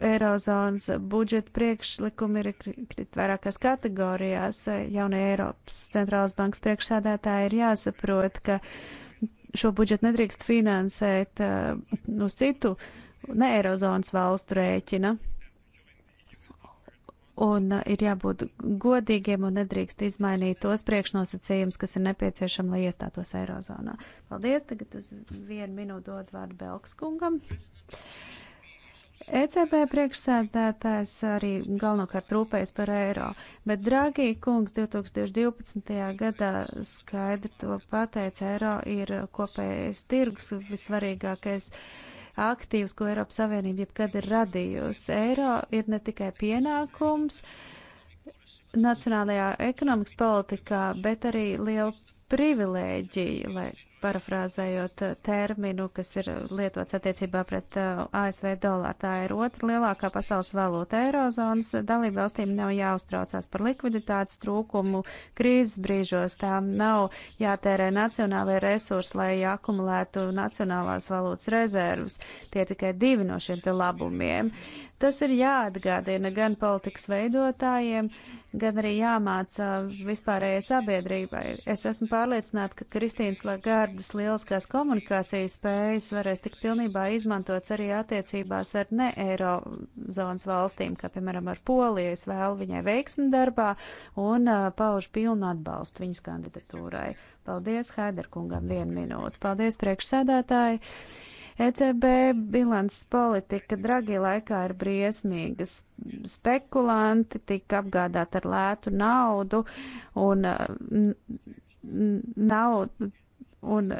Eirozonas budžeta priekšlikumi ir krit vairākās kategorijās. Jaunie Eiropas centrālās bankas priekšsādātāji ir jāsaprot, ka šo budžetu nedrīkst finansēt uh, uz citu ne Eirozonas valstu rēķina. Un uh, ir jābūt godīgiem un nedrīkst izmainīt tos priekšnosacījumus, kas ir nepieciešami, lai iestātos Eirozonā. Paldies, tagad uz vienu minūtu dod vārdu Belks kungam. Uh, ECB priekšsēdētājs arī galvenokārt rūpējas par eiro, bet Dragī kungs 2012. gadā skaidri to pateica, eiro ir kopējais tirgus visvarīgākais aktīvs, ko Eiropas Savienība jebkad ir radījusi. Eiro ir ne tikai pienākums nacionālajā ekonomikas politikā, bet arī liela privilēģija, lai parafrāzējot eh, terminu, kas ir lietots attiecībā pret eh, ASV dolāru. Tā ir otra lielākā pasaules valūta eirozonas. Dalība valstīm nav jāuztraucās par likviditātes trūkumu krīzes brīžos. Tām nav jātērē nacionālie resursi, lai akumulētu nacionālās valūtas rezervas. Tie tikai divi no šiem te labumiem. Uh, Tas ir jāatgādina gan politikas veidotājiem, gan arī jāmāca vispārējai sabiedrībai. Es esmu pārliecināta, ka Kristīnas Lagardas lieliskās komunikācijas spējas varēs tik pilnībā izmantots arī attiecībās ar ne Eirozonas valstīm, kā piemēram ar Poliju. Es vēlu viņai veiksmi darbā un uh, paužu pilnu atbalstu viņas kandidatūrai. Paldies Haiderkungam vienu minūtu. Paldies priekšsēdētāji. ECB bilants politika Dragi laikā ir briesmīgas. Spekulanti tika apgādāti ar lētu naudu un uh, naudu. Un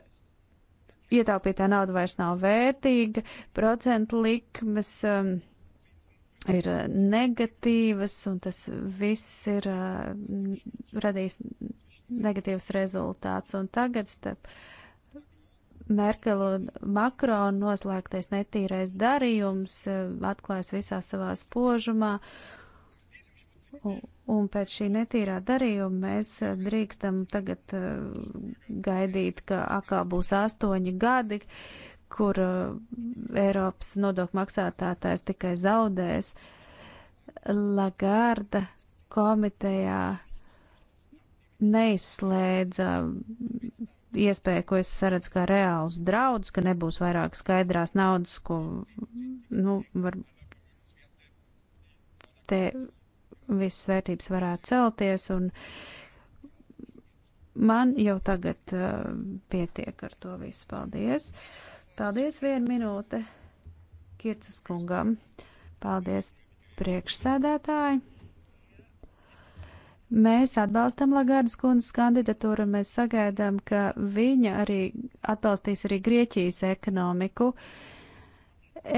ietaupītā nauda vairs nav vērtīga, procentu likmes um, ir uh, negatīvas, un tas viss ir uh, radījis negatīvs rezultāts. Un tagad starp uh, Merkel un Makrona noslēgtais netīrais darījums eh, atklājas visā savā spožumā. Un, un pēc šī netīrā darījuma mēs eh, drīkstam tagad eh, gaidīt, ka atkal būs astoņi gadi, kur Eiropas nodokļu maksātātājs tikai zaudēs. Lagarda komitejā neizslēdza iespēja, ko es saredzu kā reāls draudz, ka nebūs vairāk skaidrās naudas, ko, nu, var te visas vērtības varētu celties, un man jau tagad uh, pietiek ar to visu. Paldies! Paldies vienu minūte Kircas kungam! Paldies priekšsēdētāji! Mēs atbalstam Lagardas kundzes kandidatūru un mēs sagaidām, ka viņa arī atbalstīs arī Grieķijas ekonomiku.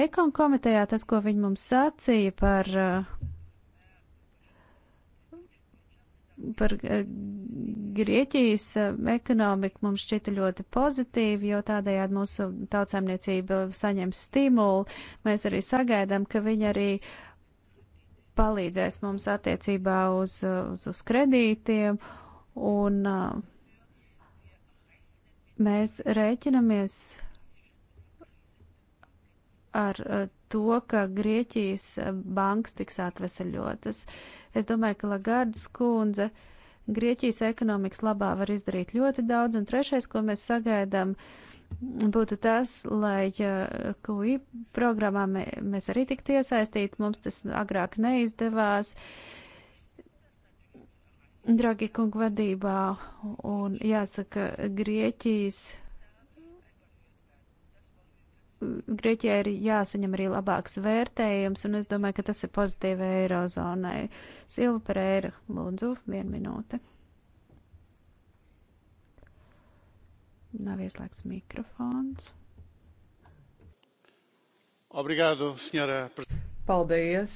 Ekon komitejā tas, ko viņi mums sacīja par, eh, par eh, Grieķijas eh, ekonomiku, mums šķita ļoti pozitīvi, jo tādējādi mūsu tautsēmniecība saņem stimulu. Mēs arī sagaidām, ka viņi arī uh, palīdzēs mums attiecībā uz, uz, uz kredītiem, un uh, mēs rēķinamies ar uh, to, ka Grieķijas bankas tiks atveseļotas. Es domāju, ka Lagardas kundze Grieķijas ekonomikas labā var izdarīt ļoti daudz, un trešais, ko mēs sagaidām, uh, būtu tas, lai QI programmā mēs arī tiktu iesaistīti, mums tas agrāk neizdevās. Dragi kungu vadībā un jāsaka, Grieķijas Grieķijai ir jāsaņem arī labāks vērtējums, un es domāju, ka tas ir pozitīvi Eirozonai. Silva Pereira, lūdzu, vienu minūti. Nav ieslēgts mikrofons. Obrigado, senjora. Paldies,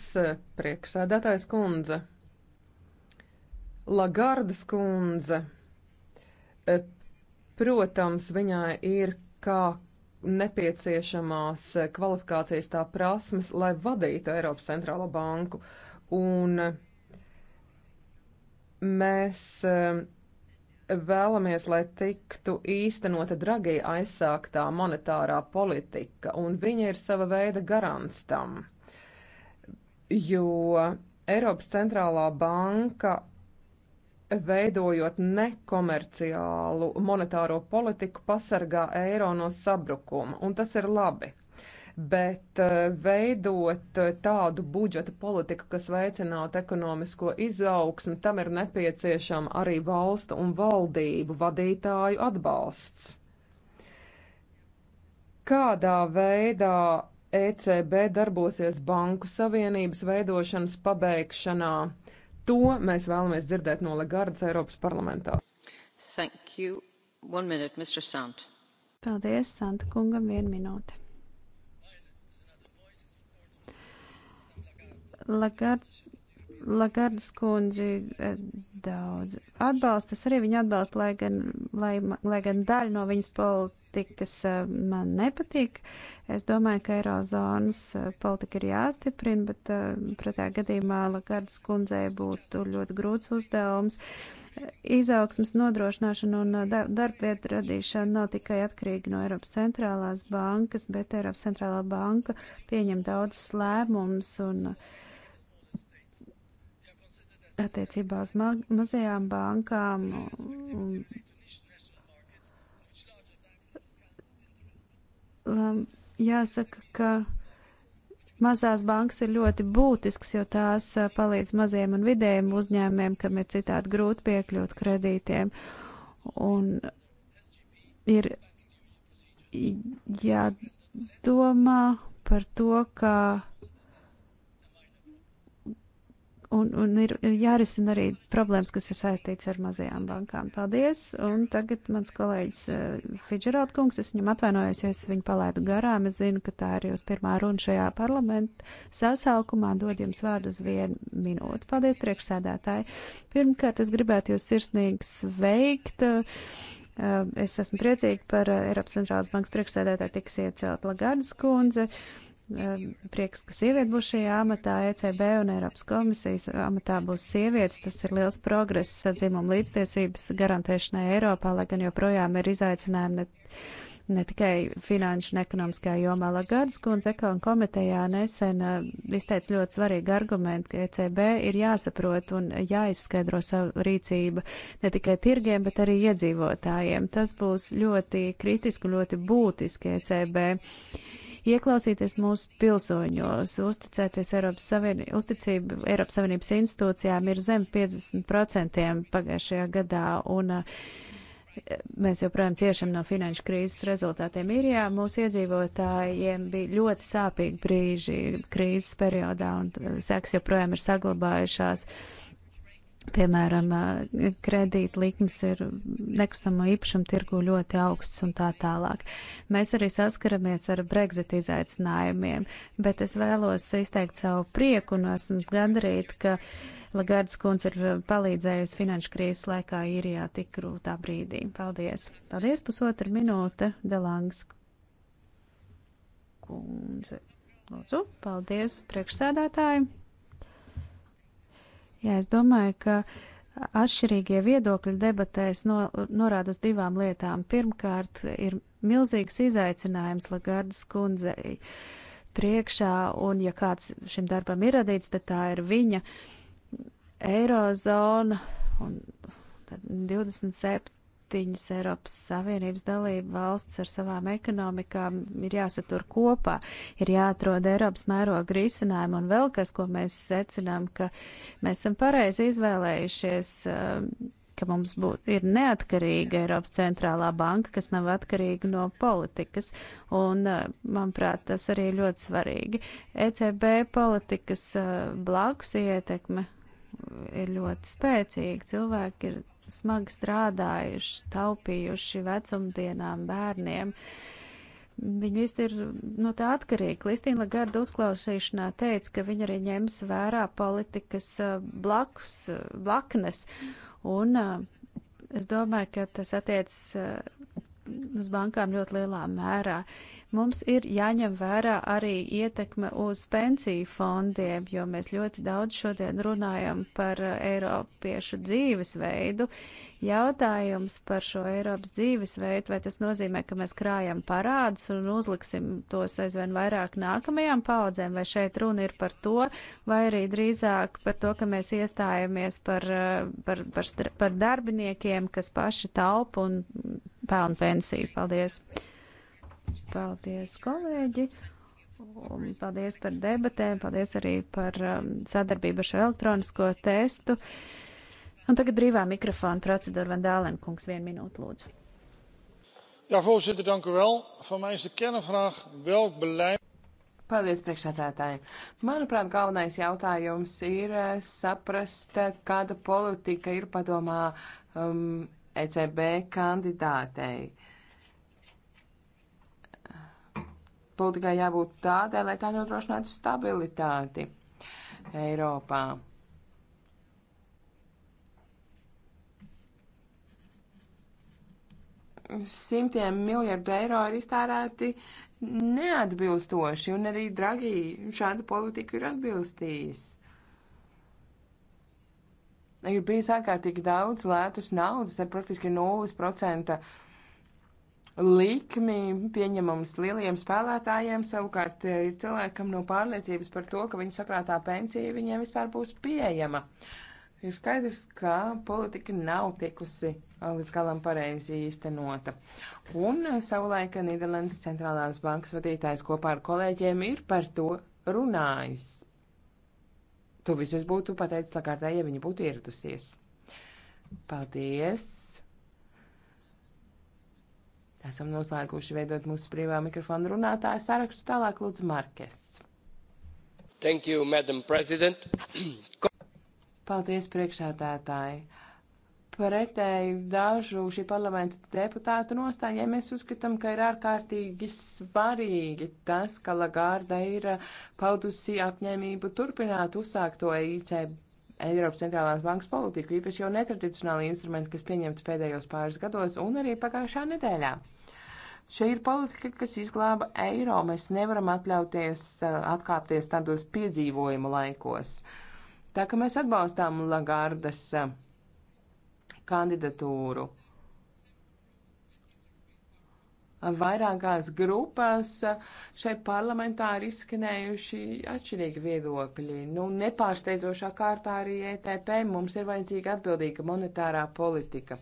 prieksēdētājs kundze. Lagardas kundze. E, protams, viņai ir kā nepieciešamās kvalifikācijas tā prasmes, lai vadītu Eiropas centrālo banku. Un e, mēs e, vēlamies, lai tiktu īstenota Dragija aizsāktā monetārā politika, un viņa ir sava veida garants tam. Jo Eiropas centrālā banka veidojot nekomerciālu monetāro politiku pasargā eiro no sabrukuma, un tas ir labi bet eh, veidot eh, tādu budžeta politiku, kas veicinātu ekonomisko izaugsmu, tam ir nepieciešama arī valstu un valdību vadītāju atbalsts. Kādā veidā ECB darbosies Banku Savienības veidošanas pabeigšanā? To mēs vēlamies dzirdēt no Lagardas Eiropas parlamentā. Thank you. One minute, Mr. Sant. Paldies, Santa kungam, vienu minūti. Lagard, Lagardas kundzi eh, daudz atbalsta. Es arī viņu atbalstu, lai gan, lai, lai gan daļa no viņas politikas eh, man nepatīk. Es domāju, ka Eirozonas eh, politika ir jāstiprina, bet pretējā gadījumā Lagardas kundzei būtu ļoti grūts uzdevums. Izaugsmas nodrošināšana un darbvietu radīšana nav tikai atkarīga no Eiropas centrālās bankas, bet Eiropas centrālā banka pieņem daudz slēmumus un uh, attiecībā uz ma mazajām bankām. Jāsaka, ka mazās bankas ir ļoti būtisks, jo tās palīdz maziem un vidējiem uzņēmiem, kam ir citādi grūti piekļūt kredītiem. Un ir jādomā par to, ka. Kā un, un ir jārisina arī problēmas, kas ir saistīts ar mazajām bankām. Paldies! Un tagad mans kolēģis uh, eh, Fidžerāld kungs, es viņam atvainojos, jo es viņu palaidu garām. Es zinu, ka tā ir jūs pirmā runa šajā parlamenta sasaukumā. Dod jums vārdu uz vienu minūti. Paldies, priekšsēdētāji! Pirmkārt, es gribētu jūs sirsnīgi sveikt. Uh, Es esmu priecīga par eh, Eiropas centrālās bankas priekšsēdētāju tiks iecelt Lagardas kundze. Prieks, ka sieviete būs šajā amatā, ECB un Eiropas komisijas amatā būs sievietes. Tas ir liels progress dzimuma līdztiesības garantēšanai Eiropā, lai gan joprojām ir izaicinājumi ne, ne tikai finanšu un ekonomiskajā jomā. Lagardas kundze ekon komitejā nesen eh, izteica ļoti svarīgu argumentu, ka ECB ir jāsaprot un jāizskaidro savu rīcību ne tikai tirgiem, bet arī iedzīvotājiem. Tas būs ļoti kritiski un ļoti būtiski ECB ieklausīties mūsu pilsoņos, uzticēties Eiropas, Savienī, uzticība Eiropas Savienības institūcijām ir zem 50% pagājušajā gadā. Un, eh, Mēs joprojām ciešam no finanšu krīzes rezultātiem. Ir jā, mūsu iedzīvotājiem bija ļoti sāpīgi brīži krīzes periodā, un eh, sekas joprojām ir saglabājušās. Uh, piemēram, eh, kredīt likmes ir nekustamo īpašumu tirgu ļoti augsts un tā tālāk. Mēs arī saskaramies ar Brexit izaicinājumiem, bet es vēlos izteikt savu prieku un esmu gandarīt, ka Lagardas kundze ir palīdzējusi finanšu krīzes laikā īrijā tik grūtā brīdī. Paldies! Paldies, pusotra minūte, Delangs kundze. Lūdzu, paldies priekšsēdētāji! Jā, es domāju, ka atšķirīgie viedokļi debatēs no, norāda uz divām lietām. Pirmkārt, ir milzīgs izaicinājums Lagardas kundzei priekšā, un ja kāds šim darbam ir radīts, tad tā ir viņa eirozona un 27 septiņas Eiropas Savienības dalība valsts ar savām ekonomikām ir jāsatur kopā, ir jāatrod Eiropas mēroga risinājumu un vēl kas, ko mēs secinām, ka mēs esam pareizi izvēlējušies. Eh, ka mums būt, ir neatkarīga Eiropas centrālā banka, kas nav atkarīga no politikas, un, eh, manuprāt, tas arī ļoti svarīgi. ECB politikas eh, blakus ietekme ir ļoti spēcīga. Cilvēki ir smagi strādājuši, taupījuši vecumdienām, bērniem. Viņi visi ir no tā atkarīgi. Kristīna Lagarda uzklausīšanā teica, ka viņa arī ņems vērā politikas blakus, blaknes. Un es domāju, ka tas attiecas uz bankām ļoti lielā mērā. Uh, Mums ir jāņem vērā arī ietekme uz pensiju fondiem, jo mēs ļoti daudz šodien runājam par eh, Eiropiešu dzīvesveidu. Jautājums par šo Eiropas dzīvesveidu, vai tas nozīmē, ka mēs krājam parādus un uzliksim tos aizvien vairāk nākamajām paudzēm, vai šeit runa ir par to, vai arī drīzāk par to, ka mēs iestājamies par, eh, par, par, par darbiniekiem, kas paši taupa un mm, pelna pensiju. Paldies! Paldies, kolēģi! Un paldies par debatēm, paldies arī par um, sadarbību ar šo elektronisko testu. Un tagad brīvā mikrofona procedūra Vandālēna kungs, vienu minūtu lūdzu. Jā, voorzitter, dank u wel. Van mij is de kernvraag, welk beleid... Paldies, priekšsētētāji. Manuprāt, galvenais jautājums ir eh, saprast, eh, kāda politika ir padomā um, ECB kandidātei. Uh, politikai jābūt tādai, lai tā nodrošinātu stabilitāti Eiropā. Simtiem miljardu eiro ir iztērēti neatbilstoši, un arī Dragi šādu politiku ir atbilstījis. Ir bijis ārkārtīgi daudz lētas naudas ar praktiski 0% likmi pieņemams lieliem spēlētājiem, savukārt ir e, cilvēkam no pārliecības par to, ka viņa sakrātā pensija viņiem vispār būs pieejama. Ir skaidrs, ka politika nav tikusi e, līdz galam pareizi īstenota. Un e, savulaika Nīderlandes centrālās bankas vadītājs kopā ar kolēģiem ir par to runājis. To visu es būtu pateicis Lakārtē, ja viņa būtu ieradusies. Paldies! Esam noslēguši veidot mūsu brīvā mikrofona runātāju sarakstu. Tālāk lūdzu Markes. Thank you, Madam President. Paldies, priekšādātāji. Pretēji dažu šī parlamenta deputātu nostājai mēs uzskatām, ka ir ārkārtīgi svarīgi tas, ka Lagārda ir paudusi apņēmību turpināt uzsākto ICB Eiropas centrālās bankas politiku, īpaši jau netradicionāli instrumenti, kas pieņemti pēdējos pāris gados un arī pagājušā nedēļā. Šī ir politika, kas izglāba eiro. Mēs nevaram atļauties uh, atkāpties tādos piedzīvojumu laikos. Tā ka mēs atbalstām Lagardas uh, kandidatūru. Vairākās grupās uh, šai parlamentā ir izskanējuši atšķirīgi viedokļi. Nu, nepārsteidzošā kārtā arī ETP mums ir vajadzīga atbildīga monetārā politika.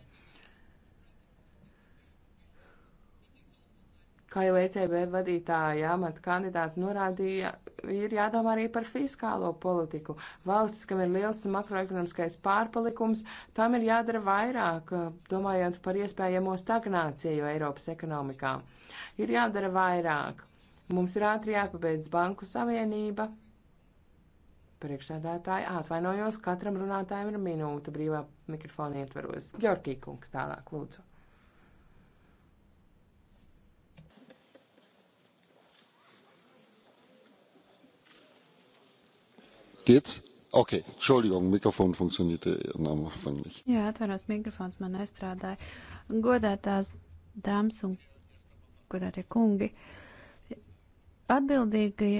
Kā jau ECB vadītāja amata kandidāti norādīja, ir jādomā arī par fiskālo politiku. Valstis, kam ir liels makroekonomiskais pārpalikums, tam ir jādara vairāk, domājot par iespējamo stagnāciju Eiropas ekonomikā. Ir jādara vairāk. Mums ir ātri jāpabeidz banku savienība, priekšsēdētāji, atvainojos, katram runātājam ir minūte brīvā mikrofona ietvaros. Georgī kungs tālāk, lūdzu. Geht's? Okay. Entschuldigung, mikrofons funktionierte am Anfang nicht. Jā, atvainojos, mikrofons man nestrādāja. Godātās dāmas un godātie kungi, atbildīgi,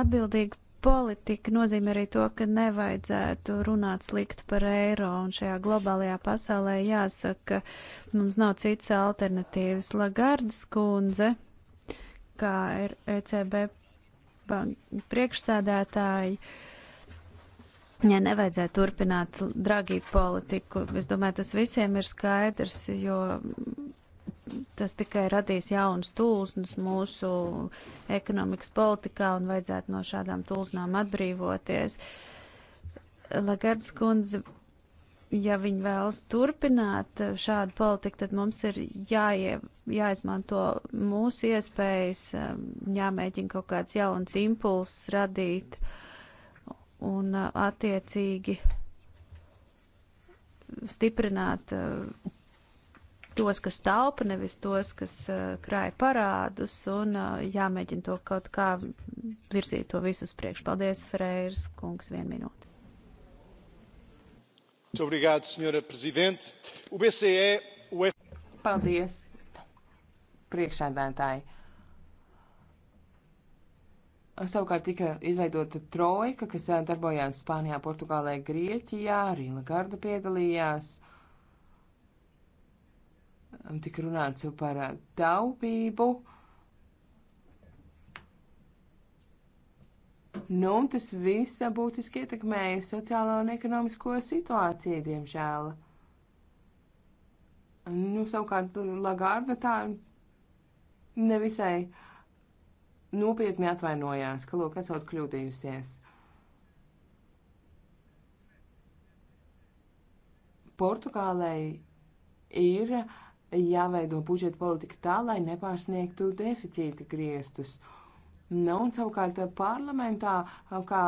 atbildīgi politika nozīmē arī to, ka nevajadzētu runāt sliktu par eiro, un šajā globālajā pasaulē jāsaka, ka mums nav citas alternatīvas. Lagardas kundze, kā ir ECB priekšsēdētāji. Ja nevajadzētu turpināt dragību politiku, es domāju, tas visiem ir skaidrs, jo tas tikai radīs jaunas tulznes mūsu ekonomikas politikā un vajadzētu no šādām tulznām atbrīvoties. Lagards kundze ja viņi vēlas turpināt eh, šādu politiku, tad mums ir jāie, jāizmanto mūsu iespējas, eh, jāmēģina kaut kāds jauns impulss radīt un eh, attiecīgi stiprināt tos, kas taupa, nevis tos, kas krāja parādus, un jāmēģina to kaut kā virzīt to visu uz priekšu. Paldies, Freiras kungs, vienu minūti senhora presidente o bce o f. Paldies, priekšsēdētāji. Savukārt tika izveidota trojka, kas eh, darbojās Spānijā, Portugālē, Grieķijā, arī Lagarda piedalījās. Tika runāts par eh, taupību Nu, un tas viss būtiski ietekmēja sociālo un ekonomisko situāciju, diemžēl. Nu, savukārt Lagarda tā nevisai nopietni atvainojās, ka, lūk, esot kļūdījusies. Portugālei ir jāveido budžeta politika tā, lai nepārsniegtu deficīta griestus. Uh, Nu, un savukārt eh, parlamentā, eh, kā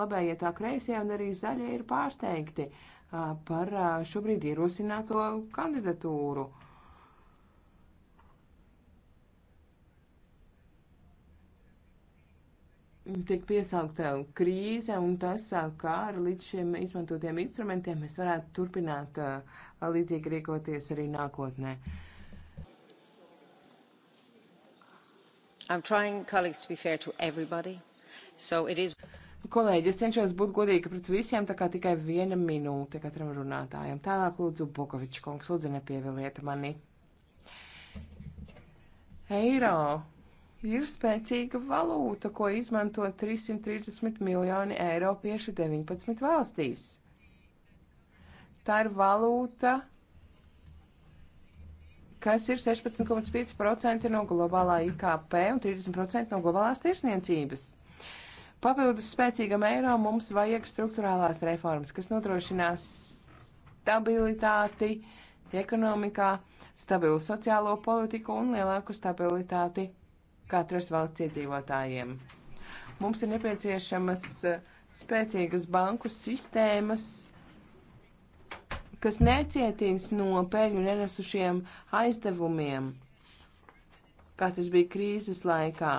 labējie tā kreisie un arī zaļie ir pārsteigti eh, par šobrīd ierosināto kandidatūru. Tiek piesaukta krīze, un tas, kā ar līdz šiem izmantotiem instrumentiem mēs varētu turpināt līdzīgi rīkoties arī nākotnē. Uh, Trying, colleagues, so is... Kolēģi, es cenšos būt godīga pret visiem, tā kā tikai viena minūte katram runātājam. Tālāk lūdzu, Bogovičs kungs, lūdzu nepieviliet mani. Eiro ir spēcīga valūta, ko izmanto 330 miljoni eiropiešu 19 valstīs. Tā ir valūta, kas ir 16,5% no globālā IKP un 30% no globālās tirsniecības. Papildus spēcīgam eiro mums vajag struktūrālās reformas, kas nodrošinās stabilitāti ekonomikā, stabilu sociālo politiku un lielāku stabilitāti katras valsts iedzīvotājiem. Mums ir nepieciešamas eh, spēcīgas banku sistēmas, kas necietīs no peļņu nenesušiem aizdevumiem, kā tas bija krīzes laikā.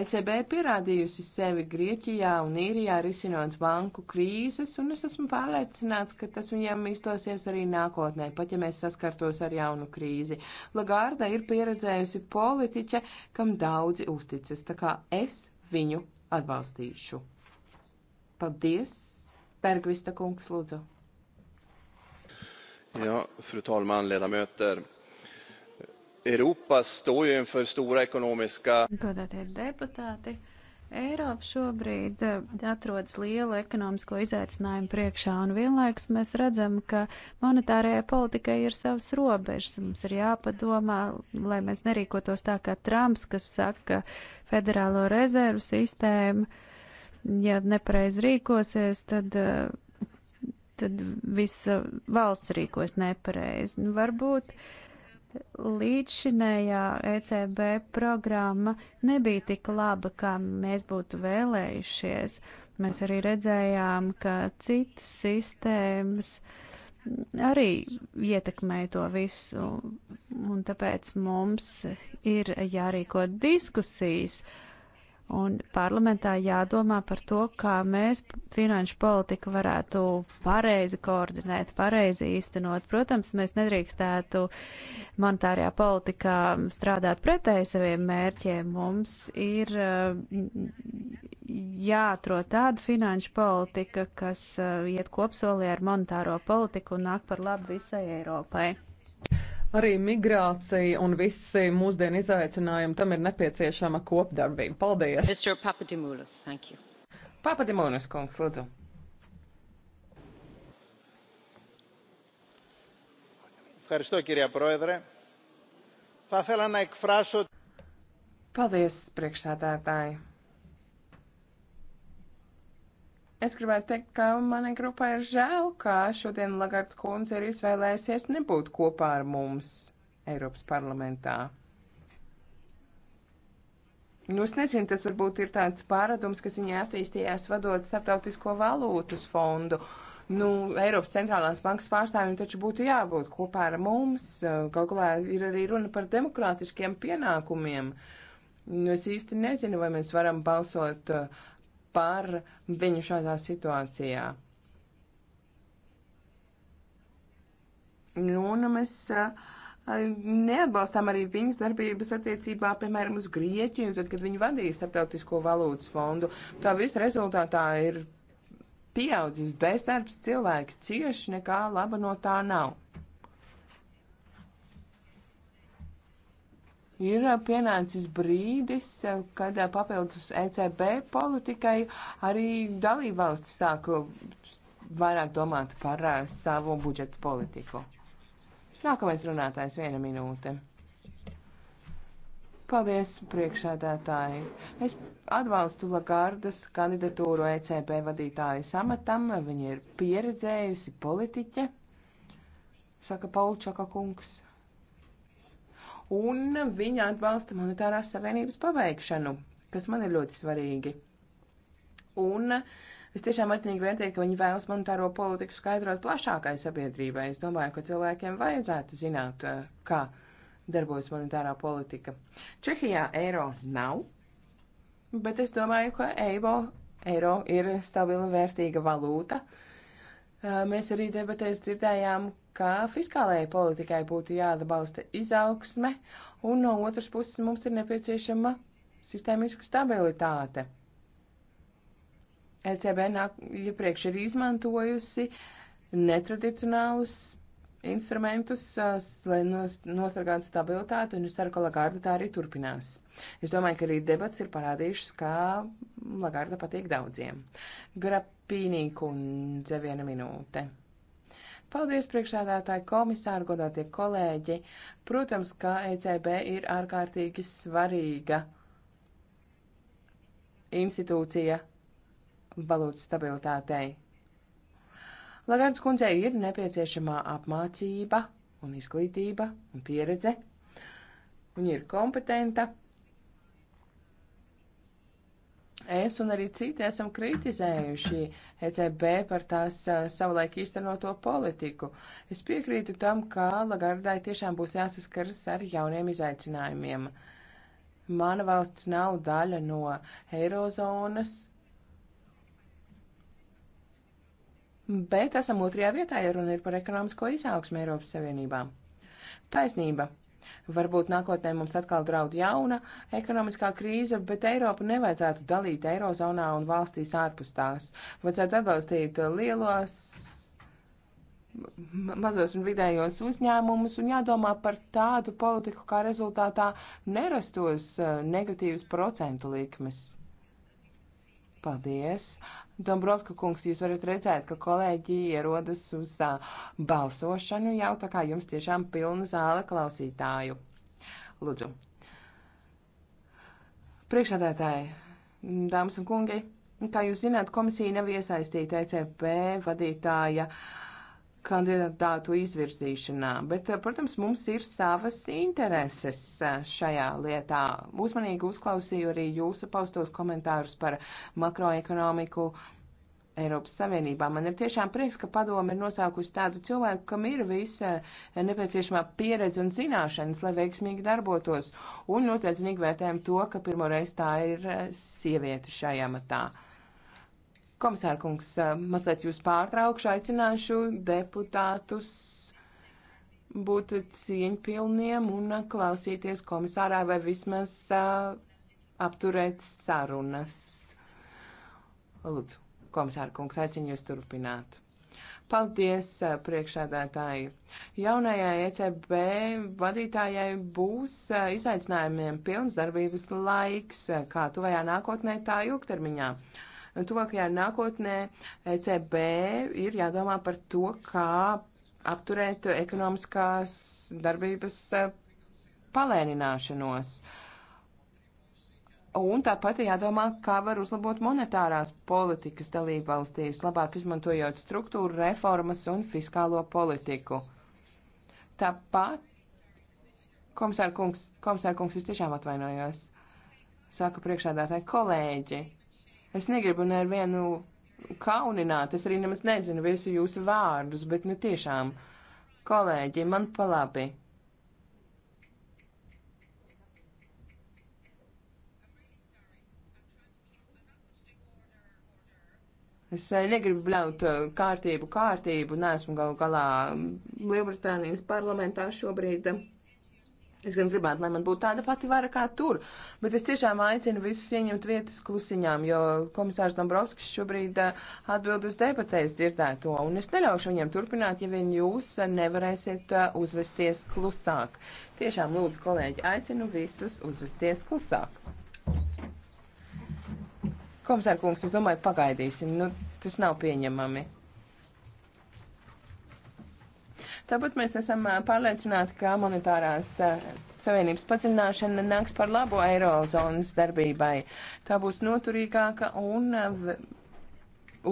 ECB pierādījusi sevi Grieķijā un Īrijā risinot banku krīzes, un es esmu pārliecināts, ka tas viņam izdosies arī nākotnē, pat ja mēs saskartos ar jaunu krīzi. Lagārda ir pieredzējusi politiķe, kam daudzi uzticas, tā kā es viņu atbalstīšu. Paldies, Bergvista kungs, lūdzu. Ja, fru talman, ledamöter! Eiropa står inför stora ekonomiskā. Godātie deputāti, Eiropa šobrīd eh, atrodas liela ekonomisko izaicinājumu priekšā, un vienlaiks mēs redzam, ka monetārajai politikai ir savas robežas. Mums ir jāpadomā, lai mēs nerīkotos tā kā Trumps, kas saka, ka federālo rezervu sistēmu, ja nepareiz rīkosies, tad uh, tad visa valsts rīkos nepareizi. Nu, varbūt līdzšinējā ECB programma nebija tik laba, kā mēs būtu vēlējušies. Mēs arī redzējām, ka citas sistēmas arī ietekmē to visu, un tāpēc mums ir jārīko diskusijas. Uh, Un parlamentā jādomā par to, kā mēs finanšu politiku varētu pareizi koordinēt, pareizi īstenot. Protams, mēs nedrīkstētu monetārajā politikā strādāt pretēji saviem mērķiem. Mums ir eh, jāatrod tāda finanšu politika, kas eh, iet kopsolī ar monetāro politiku un nāk par labu visai Eiropai. Arī migrācija un visi mūsdienu izaicinājumi tam ir nepieciešama kopdarbība. Paldies! Papadimulis, thank you. Papadimulis, kungs, lūdzu. Ευχαριστώ κυρία Πρόεδρε. Θα ήθελα να εκφράσω... Paldies, priekšsādātāji. Es gribētu teikt, ka manai grupai ir žēl, ka šodien Lagards kundze ir izvēlējusies nebūt kopā ar mums Eiropas parlamentā. Nu, es nezinu, tas varbūt ir tāds pārādums, kas viņai attīstījās vadot starptautisko valūtas fondu. Nu, Eiropas centrālās bankas pārstāvjiem taču būtu jābūt kopā ar mums. Galu galā ir arī runa par demokrātiskiem pienākumiem. Nu, es īsti nezinu, vai mēs varam balsot par viņu šādā situācijā. Nu, un mēs neatbalstām arī viņas darbības attiecībā, piemēram, uz Grieķiju, tad, kad viņi vadīja starptautisko valūtas fondu. Tā visa rezultātā ir pieaudzis bezdarbs, cilvēki cieši, nekā laba no tā nav. ir pienācis brīdis, kad papildus ECB politikai arī dalībvalsts sāk vairāk domāt par eh, savu budžetu politiku. Nākamais runātājs viena minūte. Paldies, priekšādātāji. Es atbalstu Lagardas kandidatūru ECB vadītāju samatam. Viņa ir pieredzējusi politiķe, saka Pauļčaka kungs un viņa atbalsta monetārās savienības pabeigšanu, kas man ir ļoti svarīgi. Un es tiešām atzinīgi vērtēju, ka viņi vēlas monetāro politiku skaidrot plašākai sabiedrībai. Es domāju, ka cilvēkiem vajadzētu zināt, eh, kā darbojas monetārā politika. Čehijā eiro nav, bet es domāju, ka eiro, eiro ir stabila vērtīga valūta. Eh, mēs arī debatēs dzirdējām, ka fiskālajai politikai būtu jāatbalsta izaugsme, un no otras puses mums ir nepieciešama sistēmiska stabilitāte. ECB nāk, iepriekš ir izmantojusi netradicionālus instrumentus, uh, lai nosargātu stabilitāti, un es ceru, ka Lagarda tā arī turpinās. Es domāju, ka arī debats ir parādījušas, kā Lagarda patīk daudziem. Grapīnī kundze viena minūte. Paldies, priekšādātāji, komisāri, godātie kolēģi. Protams, ka ECB ir ārkārtīgi svarīga institūcija valūtas stabilitātei. Lagardas kundzei ir nepieciešamā apmācība un izglītība un pieredze. Viņa ir kompetenta Es un arī citi esam kritizējuši ECB par tās savulaik īstenoto politiku. Es piekrītu tam, ka Lagardai tiešām būs jāsaskaras ar jauniem izaicinājumiem. Mana valsts nav daļa no eirozonas, bet esam otrajā vietā, ja runa ir par ekonomisko izaugsmu Eiropas Savienībā. Taisnība. Varbūt nākotnē mums atkal draud jauna ekonomiskā krīze, bet Eiropu nevajadzētu dalīt Eirozonā un valstīs ārpus tās. Vajadzētu atbalstīt lielos mazos un vidējos uzņēmumus un jādomā par tādu politiku, kā rezultātā nerastos eh, negatīvas procentu likmes. Paldies! Dombrovska kungs, jūs varat redzēt, ka kolēģi ierodas uz uh, balsošanu jau tā kā jums tiešām pilna zāle klausītāju. Lūdzu. Priekšādētāji, dāmas un kungi, kā jūs zināt, komisija nav iesaistīta ECB vadītāja uh, kandidātu izvirzīšanā, bet, eh, protams, mums ir savas intereses eh, šajā lietā. Uzmanīgi uzklausīju arī jūsu paustos komentārus par makroekonomiku. Eiropas Savienībā. Man ir tiešām prieks, ka padome ir nosaukusi tādu cilvēku, kam ir visa eh, nepieciešamā pieredze un zināšanas, lai veiksmīgi darbotos, un ļoti atzinīgi vērtējam to, ka pirmoreiz tā ir sieviete šajā matā. Komisārkungs, mazliet jūs pārtraukšu, aicināšu deputātus būt cieņpilniem un klausīties komisārā vai vismaz uh, apturēt sarunas. Lūdzu, komisāra kungs, aicinu jūs turpināt. Paldies, uh, priekšādātāji. Jaunajai ECB vadītājai būs uh, izaicinājumiem pilns darbības laiks, kā tuvajā nākotnē, tā ilgtermiņā. Uh, tuvākajā nākotnē ECB ir jādomā par to, kā apturēt ekonomiskās darbības e, palēnināšanos. Un tāpat jādomā, kā var uzlabot monetārās politikas dalībvalstīs, labāk izmantojot struktūru reformas un fiskālo politiku. Tāpat, komisārkungs, komisārkungs, es tiešām atvainojos, saka priekšādātāji kolēģi. Es negribu nevienu kaunināt, es arī nemaz nezinu visu jūsu vārdus, bet nu tiešām, kolēģi, man palabi. Es eh, negribu bļaut eh, kārtību, kārtību, neesmu gal galā Lielbritānijas parlamentā šobrīd. Es gan gribētu, lai man būtu tāda pati vara kā tur, bet es tiešām aicinu visus ieņemt vietas klusiņām, jo komisārs Dombrovskis šobrīd eh, atbild uz debatēs dzirdēto, un es neļaušu viņiem turpināt, ja vien jūs nevarēsiet eh, uzvesties klusāk. Tiešām lūdzu, kolēģi, aicinu visus uzvesties klusāk. Komisār kungs, es domāju, pagaidīsim, nu tas nav pieņemami. Tāpat mēs esam pārliecināti, ka monetārās savienības padziļināšana nāks par labu eirozonas darbībai. Tā būs noturīgāka un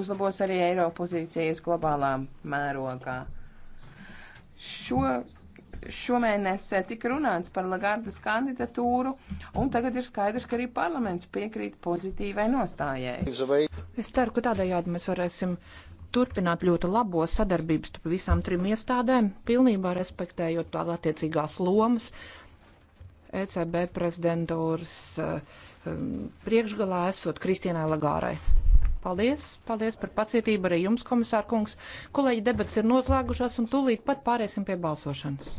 uzlabos arī eiro pozīcijas globālā mērogā. Šo šomēnes tika runāts par Lagardas kandidatūru, un tagad ir skaidrs, ka arī parlaments piekrīt pozitīvai nostājai. Es ceru, ka tādējādi mēs varēsim turpināt ļoti labo sadarbības starp visām trim iestādēm, pilnībā respektējot tā attiecīgās lomas. ECB prezidentūras eh, um, priekšgalā esot Kristienai Lagārai. Paldies, paldies par pacietību arī jums, komisār kungs. Kolēģi debats ir noslēgušās un tūlīt pat pāriesim pie balsošanas.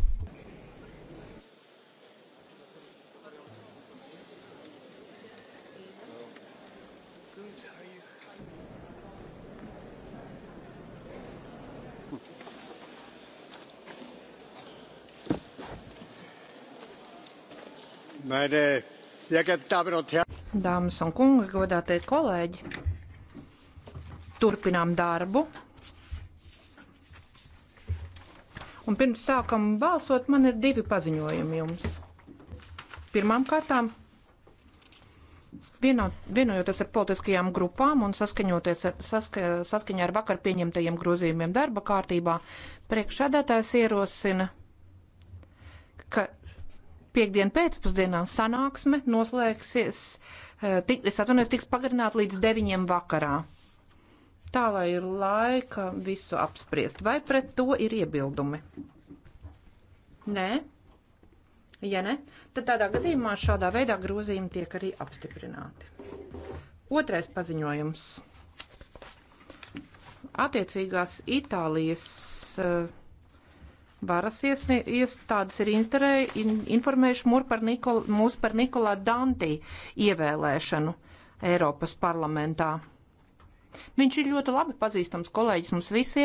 Dāmas un kungi, godātie kolēģi, turpinām darbu. Un pirms sākam balsot, man ir divi paziņojumi jums. Pirmām kārtām Vienot, vienojoties ar politiskajām grupām un saskaņoties ar, saska, saskaņā ar vakar pieņemtajiem grozījumiem darba kārtībā, priekšsēdētājs ierosina, ka piekdien pēcpusdienā sanāksme noslēgsies, eh, tik, es atvainojos, tiks pagarināta līdz deviņiem vakarā. Tā lai ir laika visu apspriest. Vai pret to ir iebildumi? Nē. Ja ne, tad tādā gadījumā šādā veidā grozījumi tiek arī apstiprināti. Otrais paziņojums. Attiecīgās Itālijas uh, Varas iestādes ir informējuši mūs par, Nikol, mūs par Nikolā Dantī ievēlēšanu Eiropas parlamentā. Viņš ir ļoti labi pazīstams kolēģis mums visiem.